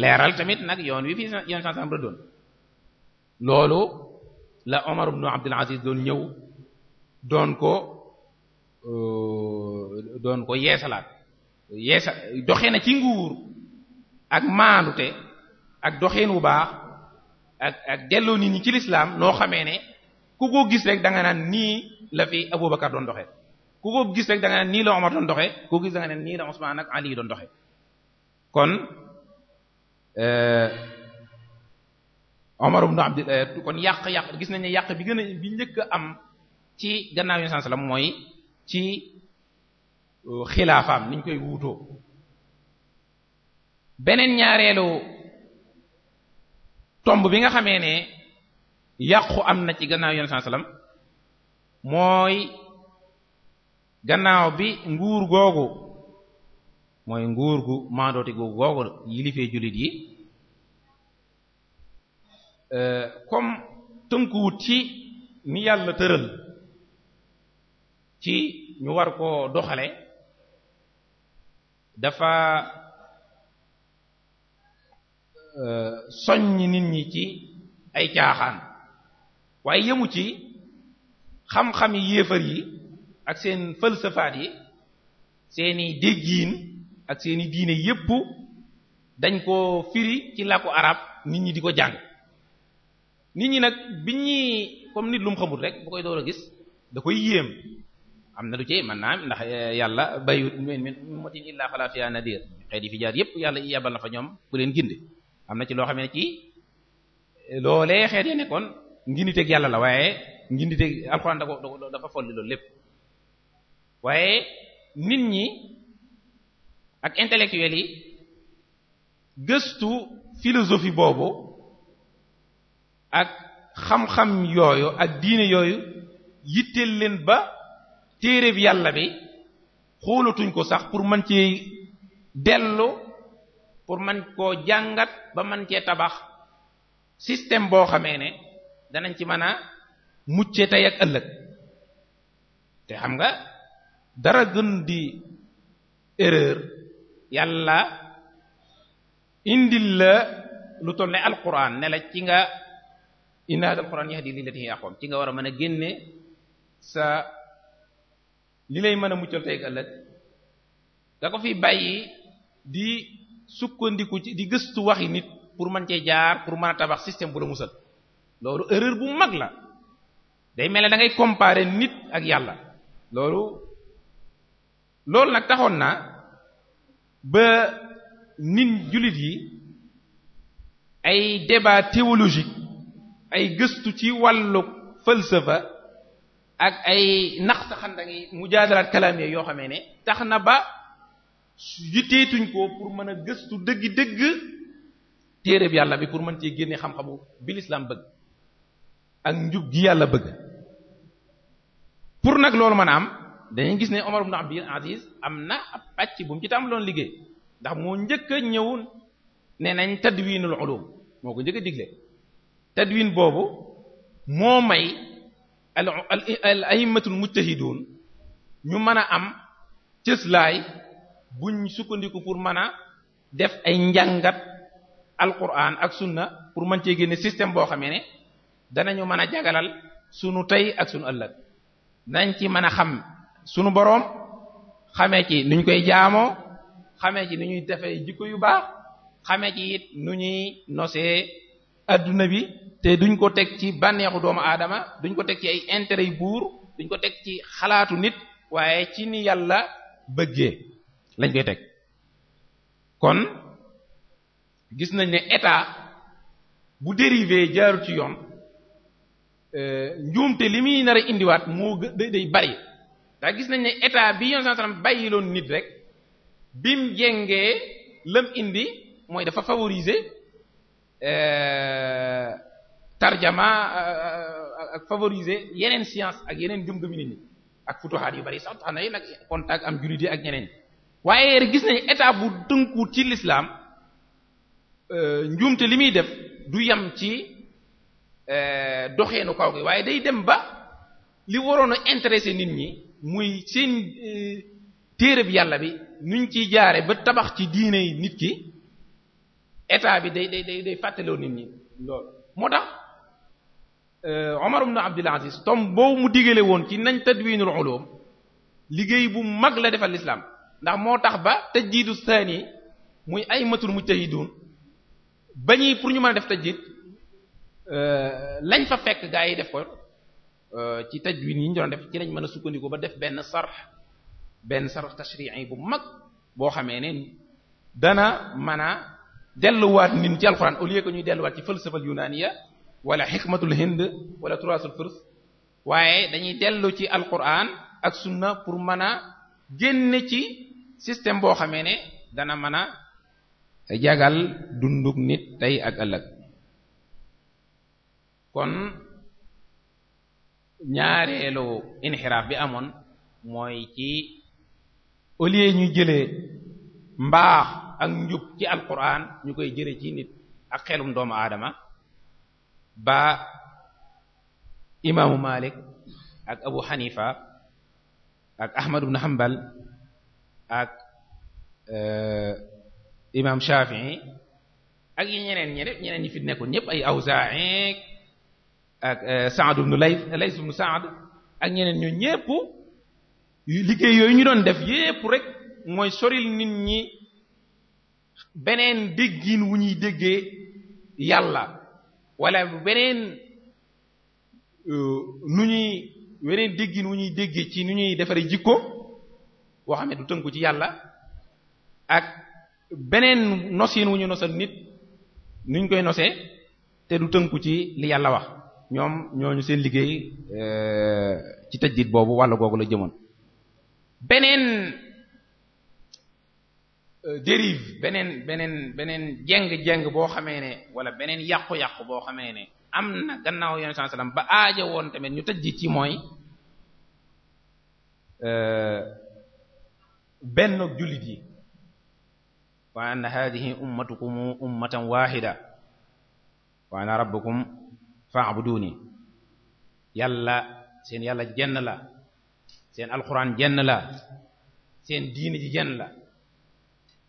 leeral tamit nag yoon wi fi yoon sansam doon loolu la Omar ibn Abdul Aziz doon ñëw doon ko euh, doon ko yeesalaat yeesa doxee na ci nguur ak maandute ak doxeen wu baax ak ak delloo nit ñi ci lislaam noo xamee ne ku koo gis rek da nga naan nii la fi Abubakar doon doxee gis rek nii la Omar doon doxee ku gis da nga naan nii la Usmaan ak Ali doon doxee kon eh, Omar ibn Abd eh, kon yàq-yàq gis nañ ne yàq bi gën a bi njëkk am ci gannaaw yu ne mooy ci xilaafaam niñ koy wuutoo beneen ñaareelu tomb bi nga xamee ne yàqu am na ci gannaaw yoon sallam mooy gannaaw bi nguur googu mooy nguur gu maadooti googu googu yilifee jullit yi euh, comme tënkuwut ci ni yàlla tëral ci ñu war koo doxale dafa euh, soññ nit ñi ci ay caaxaan waaye yemu ci xam-xami yéefar yi ak seen falsafaat yi seeni déggiin ak seeni diine yépp dañ ko firi ci làkku arab nit ñi di ko jàng nit ñi nag bi ñuy comme nit lu mu xamul rek bu koy door a gis da koy yéem am na lu ci man naa ndax eh, yàlla bayu min min ummatin illaa xalaa fiha nadir xëy di fi jaar yëpp yàlla yebal na fa ñoom ku leen ginde am na ci loo xam ne ci loolee xeet ya yàlla la waaye nginditeeg alxuraan da ko nit ñi ak intellectuels yi gëstu philosophie boobu ak xam-xam yooyu ak diine yooyu yitteel leen ba téereb yàlla bi xoolatuñ ko sax pour mën ci dellu pour man koo jàngat ba man cee tabax système boo xamee ne danañ ci mën a mucce tey ak ëllëg te xam nga dara gën di erreur yàlla indil la lu toll ne alquran ne la ci nga inna hada alquran yahdi lillati hiya aqwam ci nga war a mën a génne sa li lay mën a muccal tey ëllëg da ko fi bàyyi di sukkandiku ci di gëstu waxi nit pour mën cee jaar pour mën a tabax système bu la musal loolu erreur bu mag la day mel ne da ngay comparer nit ak yàlla loolu loolu nag taxoon naa ba nit jullit yi ay débat théologique ay gëstu ci wàllu falsafa ak ay nax saxanda ngi mujaadalaat kalaam yoo xamee ne tax na ba yitteetuñ ko pour mën a gëstu dëgg-dëgg téereb yàlla bi pour mën cee génne xam-xamu bi lislaam bëgg ak njub gi yàlla bëgg pour nag loolu mën a am dañuy gis ne Omar ibn Abdul Aziz am na ab pàcc bu mu ci tàmbaloon liggéey ndax moo njëkk a ñëw ne nañ tadwiinul ulum moo ko njëkk a digle tadwin boobu moo may al al aymatul mujtahidun ñu mën a am cëslaay buñ sukkandiku pour mën a def ay njàngat alquran ak na pour mën cee génne système boo xamee ne danañu mën a jagalal sunu tey ak sunu ëllëg nañ ci mën a xam sunu boroom xamee ci nuñ koy jaamoo xamee ci nu ñuy defee jikko yu baax xamee ci it nu ñuy nosee adduna bi te duñ ko teg ci bànneexu doomu aadama duñ ko teg ci ay intérêt yu buur duñ ko teg ci xalaatu nit waaye ci ni yàlla bëggee lañ koy teg kon gis nañ ne état bu dérivé jaaru ci yoon euh, njuumte li muy nar a indiwaat moo gë day bari ndax gis nañ ne état bi yoon saa salaam bàyyiloon nit rek bim jengee lëm indi mooy dafa favoriser. Euh, tarjama euh, euh, ak favoriser yeneen science ak yeneen gëm-gëm yi ak futuhaat yu bari sax tax na nag contact am jullit ak ñeneen waaye gis nañu état bu tënku ci l'islam euh, njuumte li muy def du yam ci doxeenu kaw gi waaye day dem ba li waroon a intéresser nit ñi muy seen téere bi yàlla bi nuñ ciy jaare ba tabax ci diine yi nit ki état bi day day day day nit ñi moo tax Euh, Omar ibn Abdul Aziz tom boobu mu digale woon ci nañ tadwiinul ulum liggéey bu mag la defal l'islam ndax moo tax ba tajdiidu saani muy ay matul mujtahidun ba ñuy pour ñu mën a def tajdiid euh, lañ fa fekk gaa yi def ko euh, ci tajwin yi ñu doon def ci nañ mën a sukkandiku ba def benn sarx benn sarx tashri'i bu mag boo xamee ne dana mën a delluwaat nit ci alxuraan au lieu que ñuy delluwaat ci falsafal ya wala xikmatul hind wala turasul firs waaye dañuy dellu ci alquran ak sunna pour mën a génn ci système boo xamee ne dana mën a jagal dunduk nit tey ak ëllëg kon ñaareelu inxiraaf bi amoon mooy ci au lieu ñu jëlee mbaax ak njub ci alquran ñu koy jële ci nit ak xelum doomu aadama ba imaamu Malik ak Abu Hanifa ak Ahmad ibn Hanbal ak eh, imaam Shafi'i ak yi ñeneen ñeneen ñeneen ñi fi nekkoon ñëpp ay Awzaa'i ak eh, Sa'd ibn Layth Layth ibn ak ñeneen ñoo ñëpp liggéey yooyu ñu doon def yépp rek mooy soril nit ñi beneen déggin wu ñuy déggee yàlla wala beneen euh, nu ñuy weneen déggin wu ñuy déggee ci nu ñuy defaree jikko boo xam ne du tënku ci yàlla ak beneen nosin wu ñu nosal nit nuñ koy nosee te du tënku ci li yàlla wax ñoom ñooñu seen liggéey euh, ci tëj dit boobu wàll googu la jëmoon beneen Euh, dérive beneen beneen beneen jeng-jeng boo xamee wala beneen yàqu-yàqu boo xamee ne am na gannaaw yonent sallallahu alayhi wasallam ba aaja woon tamit ñu tëjji ci mooy euh, benn jullit yi wa anna hadhihi ummatukum ummatan wahida wa ana rabbukum fa'buduni yàlla seen yàlla jenn la seen alquran jenn la seen diini ji jenn la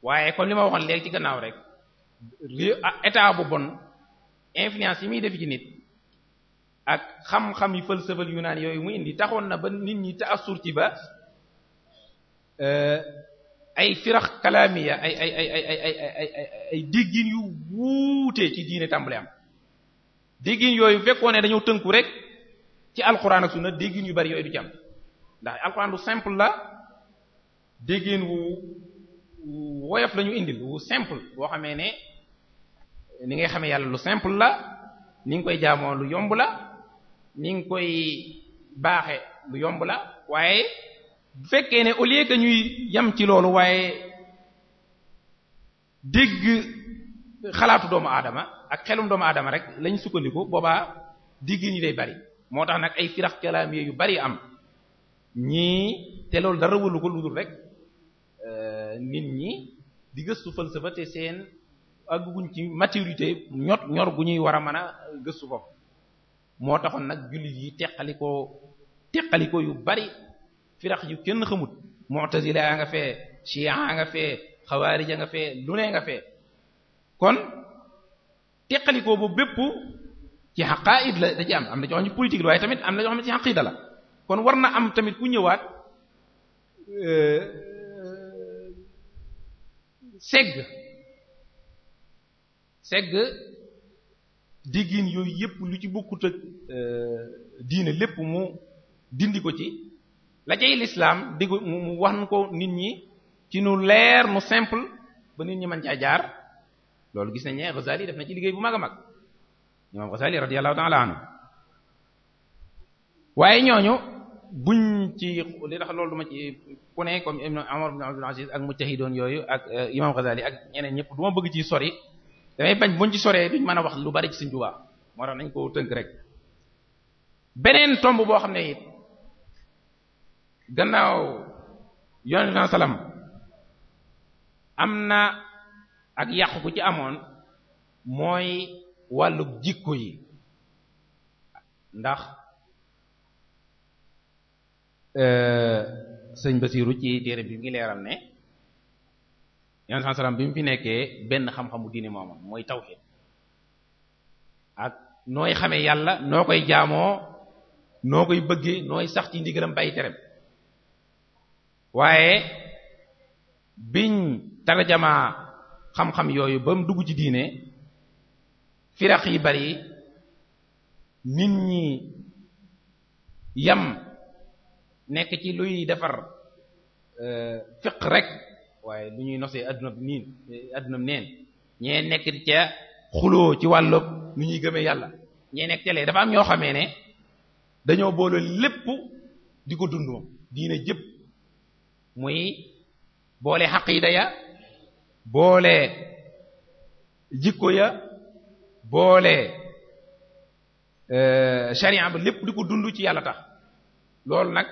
waaye comme li ma waxoon léegi ci gannaaw rek li état bu bon influence yi muy def ci nit ak xam-xam yi fëlsëfal yu naan yooyu mu indi taxoon na ba nit ñi te taasur ci ba euh, ay firax kalaamiya ay ay ay ay ay ay ay déggin yu wuutee ci diine tàmbale am déggin yooyu fekkoon ne dañoo tënku rek ci alxuraan ak sunna déggin yu bari yooyu du ci am ndax alxuraan lu simple la déggin wu woyof lañu ñu indil simple boo xamee ne ni ngay xame yàlla lu simple la ni nga koy jaamoo lu yomb la ni nga koy baaxe lu yomb la waaye bu fekkee ne au lieu que ñuy yam ci loolu waaye dégg xalaatu doomu aadama ak xelum doomu aadama rek lañ sukkandiku boobaa digg ñi day bari moo tax nag ay firax kalaam yu bari am ñii te loolu dara wëlu ko lu dul rek nit ñi di gëstu falsafa te seen agguñ ci maturité ñor gu ñuy war a mën a gëstu foofu moo taxoon nag jullit yi teqalikoo teqalikoo yu bari firax yu kenn xamut mu'tazila nga fee shia nga fee xawaarija nga fee lu ne nga fee kon teqalikoo bu bépp ci xaqaid la da ci am am na ñoo xam ne politique la waaye tamit am na ñoo xam ne ci la kon war na am tamit ku ñëwaat euh, segg segg diggin yooyu yépp lu ci bokkut ak euh, diine lépp mu dindi ko ci la cay lislaam di ko mu wax ko nit ñi ci nu leer nu simple ba nit ñi mën caa jaar loolu gis nañ ne Ghazali def na ci liggéey bu mag a mag imam Ghazali radiyallahu ta'ala anhu waaye ñooñu buñ ci li tax loolu duma ci ku ne comme ibn Umar ibn Abdul Aziz ak mujtahidoon yooyu ak eh, imam Ghazali ak ñeneen ñëpp du ma bëgg ci sori damay bañ buñ ci soree duñ mën a wax lu bari ci Sëriñ Tuubaa moo tax nañ ko tënk rek beneen tomb boo xam ne it gannaaw yoon salam am na ak yàqu ku ci amoon mooy wàllu jikko yi ndax eh, sëñ Basiiru ci téere bi mu ngi leeral ne yoon bi mu fi nekkee benn xam bu diine moomam mooy tawhid ak nooy xamee yàlla noo koy jaamoo noo koy bëggee nooy sax ci ndigalam bàyyi terem waaye biñ tarjamaa xam-xam yooyu ba mu dugg ci diine firaq yi bari nit ñi yam nekk ci luy defar euh, fiq rek waaye lu ñuy nosee àdduna bi niin adduna bi neen ñee nekk ca xuloo ci wàllu lu ñuy gëmee yàlla ñee nekk ca lee dafa am ñoo xamee ne dañoo boole lépp di ko dund moom diine jëpp muy boole xaqiida ya boole jikko ya boole euh, sharia ba lépp di ko dund ci yàlla tax loolu nag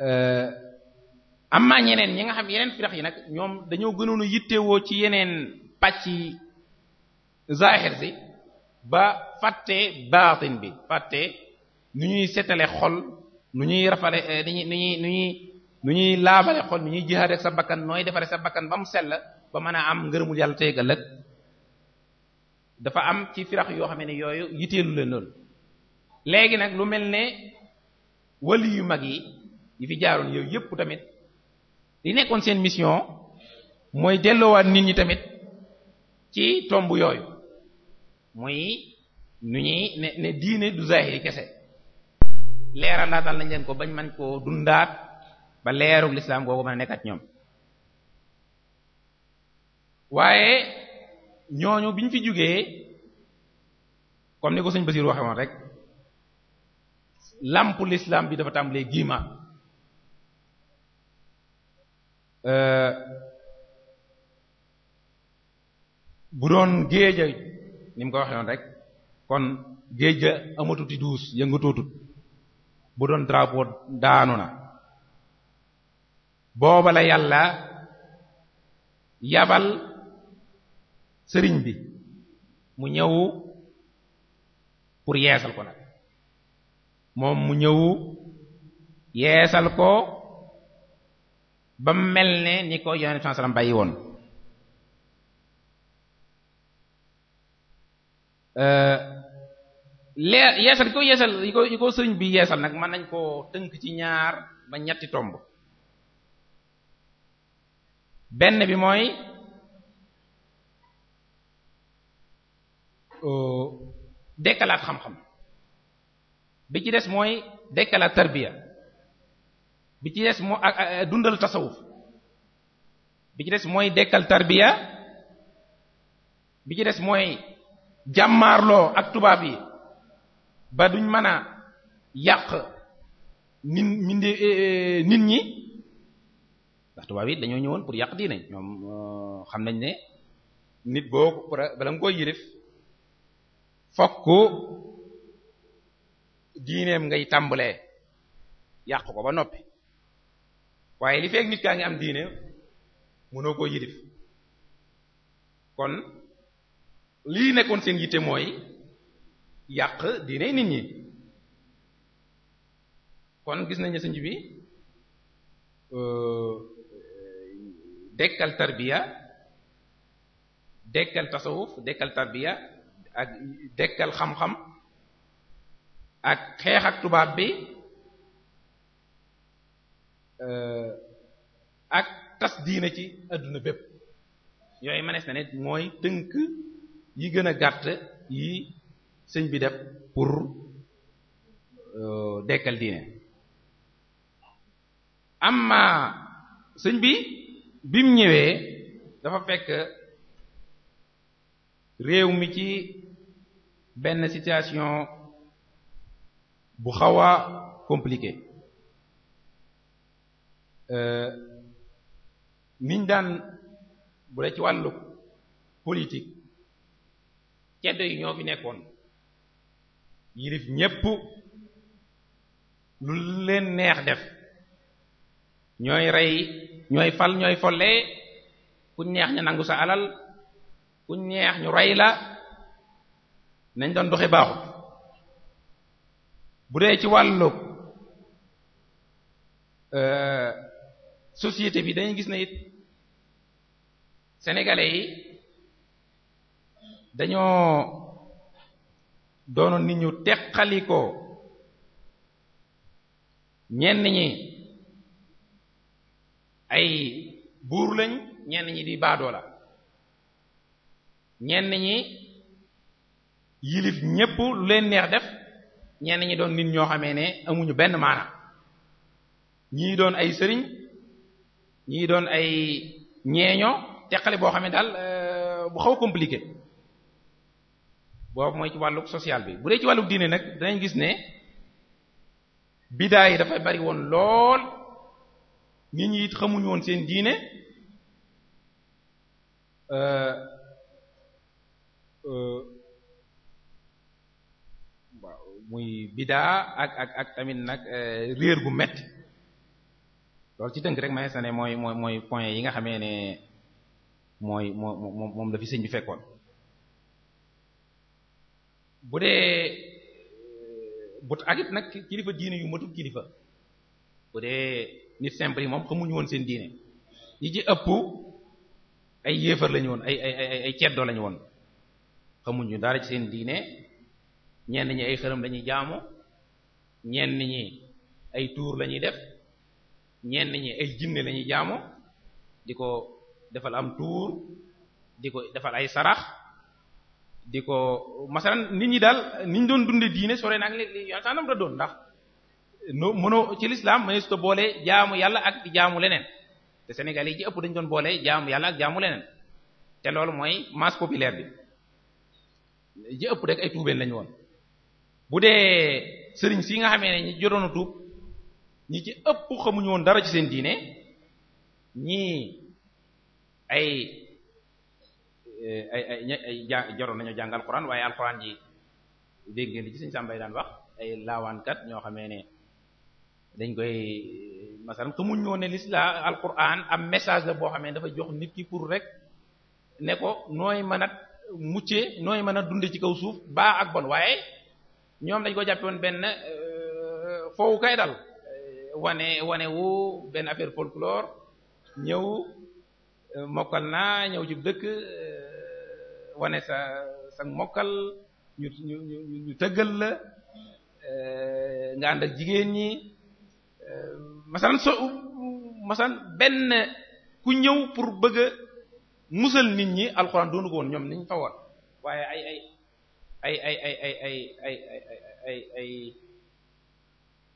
Euh, am ma ñeneen ñi nga xam yeneen firax yi nag ñoom dañoo gënoon a yittewoo ci yeneen pàcc yi zaahir si ba fàtte baatin bi fàtte nu ñuy setale xol nu ñuy rafale eh, ni ñuy nu ñuy nu ñuy laabale xol nu ñuy jihaad ak sa bakkan nooy defare sa bakkan ba mu sell ba mën a am ngërëmul yàlla tey ëllëg dafa am ci firax yoo xam ne yooyu yitteelu leen loolu léegi nag lu mel ne wali yu mag yi yi fi jaaroon yooyu yëpp tamit li nekkoon seen mission mooy delloowaat nit ñi tamit ci tomb yooyu muy nu ñuy ne ne diine du zahiri kese leera ndaatal nañ leen ko bañ man koo dundaat ba leerug lislaam googu mën a nekkat ñoom waaye ñooñu biñ fi jógee comme ni ko sëñ Basiir waxe woon rek lampu l'islam bi dafa tàmbalee giima Euh, bu doon géeja ni mu ko waxee woon rek kon géeja amatuti duus yëngatootut bu doon drapeau daanu na booba la yàlla yabal sëriñ bi mu ñëw pour yeesal ko nag moom mu ñëw yeesal ko ba mu mel ne ni ko yonent bi sallam bàyyi woon euh, leer yeesal yi ko yeesal yi ko yi sëriñ bi yeesal nag man nañ koo tënk ci ñaar ba ñetti tomb benn bi mooy euh, dekkalaat xam-xam bi ci des mooy dekkalaat tarbiya bi ci des moo ak dundal tasawuf bi ci des mooy dekkal tarbiya bi ci des mooy jàmmaarloo ak tubaab yi ba duñ mën a yàq nit e, e, nit ñi ndax tubaab yi dañoo ñëwoon pour yàq diine ñoom euh, xam nañ ne nit boo bala nga koy yërif fokk diineem ngay tàmbalee yàq ko ba noppi waaye li fekk nit kaa ngi am diine mënoo koo yilif kon lii nekkoon seen yitte mooy yàq diine nit ñi kon gis nañu sëñ bi euh, dekkal tarbiya dekkal tasawuf dekkal tarbiya ak dekkal xam-xam ak xeex ak tubaab bi Euh, ak tas diine ci àdduna bépp yooyu mënees na ne mooy tënk yi gën a gàtt yi sëñ bi def pour euh, dekkal diine amma sëñ bi bimu ñëwee dafa fekk réew mi ci benn situation bu xaw a compliqué Euh, niñ daan bu dee ci wàllu politik ceddo yi ñoo fi nekkoon yilif ñépp lu leen neex def ñooy rey ñooy fal ñooy fole ku neex ñu nangu sa alal ku neex ñu rey la nañ doon doxe baaxut bu dee ci wàllu euh, société bi dañuy gis na it sénégalais yi dañoo doonoon nit ñu teqalikoo ñenn ñi ay buur lañ ñenn ñi di baadoo la ñenn ñi yilif ñépp lu leen neex def ñenn ñi doon nit ñoo xamee ne amuñu benn maanaam ñii doon ay sëriñ ñii doon ay ñeeñoo teqale boo xam ne daal euh, bu xaw compliqué boobu mooy ci wàllu social bi bu dee ci wàllu diine nag danañ gis ne bidaa yi dafay bari woon lool nit ñi it xamuñu woon seen diine euh, euh, waaw muy bidaa ak ak ak tamit nag réer gu metti loolu ci tënk rek ma ne mooy mooy mooy point yi nga xame ne mooy moom moom la fi sëñ bi fekkoon bu dee but ak it nag kilifa diine yu matul kilifa bu dee nit simple yi moom xamuñu woon seen diine ñi ci ëpp ay yéefar lañu ay ay ay ay ceddoo lañu woon xamuñu dara ci seen diine ñenn ñi ay xërëm lañuy jaamu ñenn ñi ay tuur lañuy def ñenn ñi ay jinne la ñuy jaamu di ko defal am tuur di ko defal ay sarax di ko masalan nit ñi daal ni ñu doon dunde diine sore na ak li yoon saanam da doon ndax no mënoo ci lislaam mënees ko boole jaamu yàlla ak jaamu leneen te yi ci ëpp dañu doon boole jaamu yàlla ak jaamu leneen te loolu mooy masse populaire bi ji ëpp rek ay tuubeen lañu woon bu dee sëriñ si nga xamee nañ ñi jotoon a tuub ñi ci ëpp xamuñu woon dara ci seen diine ñii ay ay ay jaroon nañoo jàng alxuraan waaye alxuraan ji dégg ngeen ci sëñ Samba daan wax ay laawaankat ñoo xamee ne dañ koy masalan xamuñu woon ne l'islam alxuraan am message la boo xamee dafa jox nit ki pour rek ne ko nooy mën a muccee nooy mën a dunde ci kaw suuf baa ak bon waaye ñoom dañ ko jàppe woon benn euh, foowu kay dal wane wanewu benn affaire folklore ñëw mokkal naa ñëw ci dëkk wane sa sa mokkal ñu tëggal la nga ànd ak jigéen ñi masalan so masalan benn ku ñëw pour bëgg musal nit ñi alxuraan doonu ko ñoom niñ fa woon waaye ay ay ay ay ay ay ay ay ay ay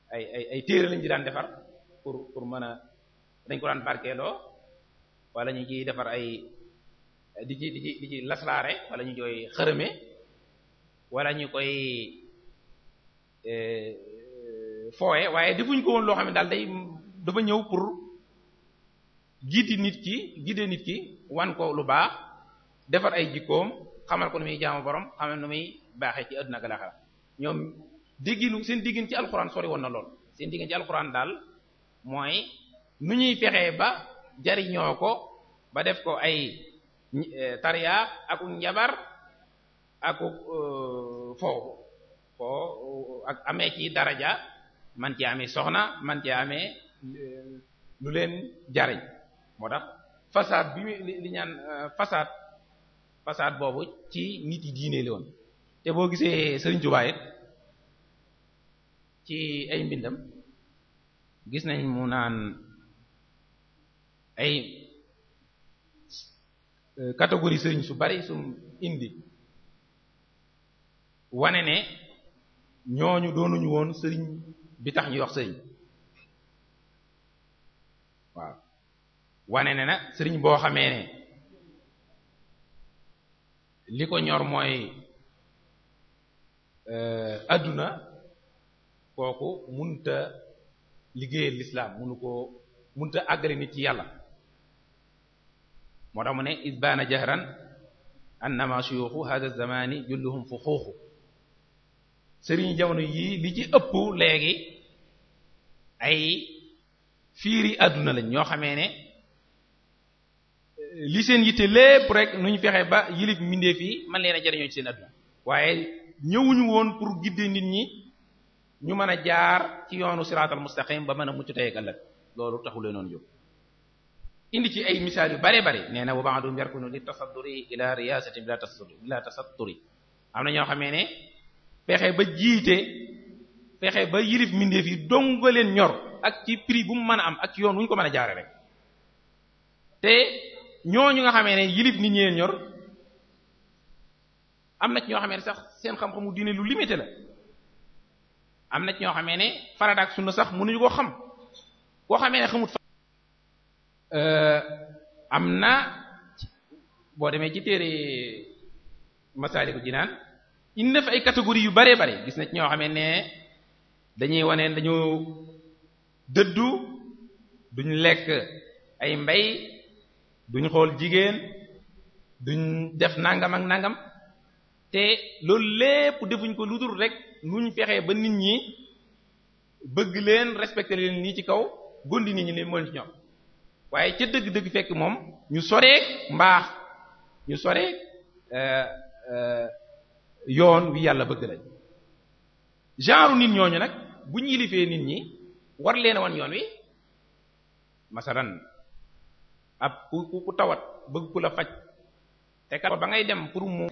ay ay ay téere daan defar pour pour mën a dañ ko daan barkeeloo wala ñu ciy defar ay di ci di ci di laslaare wala ñu koy xërëme wala ñu koy eh, fooye waaye defuñ ko woon loo xam ne daal day dafa ñëw pour giidi nit ki giide nit ki wan ko lu baax defar ay jikkoom xamal ko nu muy jaamu borom xamal nu muy baaxee ci àdduna ak laaxira ñoom dégginu seen diggin ci alxuraan sori woon na lool seen diggin ci alxuraan daal mooy nu ñuy fexee ba jariñoo ko ba def ko ay eh, tariyaa aku njabar aku eh, foo foo ak amee ci daraja man ci amee soxna man ci amee eh, lu leen jariñ moo tax fasaad bi li ñaan fasaad fasaad boobu ci nit yi diine la te boo gisee Serigne Touba ci ay mbindam gis nañ mu naan ay euh, catégorie sëriñ su bari su indi wane ne ñooñu doonuñu woon sëriñ bi tax ñuy wax sëriñ waaw wane ne nag sëriñ boo xamee ne li ko ñor mooy euh, adduna kooku munta liggéeyal lislaam munu koo munta àggale nit ci yàlla moo tax mu ne isbaana jahran annama suyuxu hada zamani julluhum fu xuuxu sëriñ jamono yii li ci ëpp léegi ay fiiri àdduna lañ ñoo xamee ne eh, li seen yitte lépp rek nu ñu ba yilif mbindeef yi man leen a jariñoo ci seen àdduna waaye ñëwuñu woon pour guider nit ñi ñu mën a jaar ci yoonu siraatal mustaqim ba mën a mucc tey ak ëllëg loolu taxu leenoon yóbbu indi ci ay misaal yu bare bare nee na wa ba'dum yarkunu li tasadduri ila riyasati bila tasadduri bila tasadduri am na ñoo xamee ne fexe ba jiite fexe ba yilif mbindeef yi donga leen ñor ak ci prix bu mu mën a am ak ci yoon wu ñu ko mën a jaare rek te ñooñu nga xamee ne yilif nit ñeen ñor am na ñoo xamee ne sax seen xam-xamu diine lu limité la am na ci ñoo xamee ne farata ak sunna sax mënuñu koo xam koo xamee ne xamut euh, am na boo demee ci téere Masaalikul Jinaan indi na fa ay catégories yu bare bare gis na ñoo xamee ne dañuy wane dañu dëddu duñ lekk ay mbay duñ xool jigéen duñ def nangam ak nangam te loolu lépp defuñ ko lu dul rek nuñ fexee ba nit ñi bëgg leen respecté leen nii ci kaw gondi nit ñi ne moo ci ñoom waaye ca dëgg-dëgg fekk moom ñu soreek mbaax ñu soreek euh, euh, yoon wi yàlla bëgg lañ genre nit ñooñu nag bu ñu yilifee nit ñi war leen a wan yoon wi masalan ab ku ku tawat bëgg ku la faj te kat ba ngay dem pour mu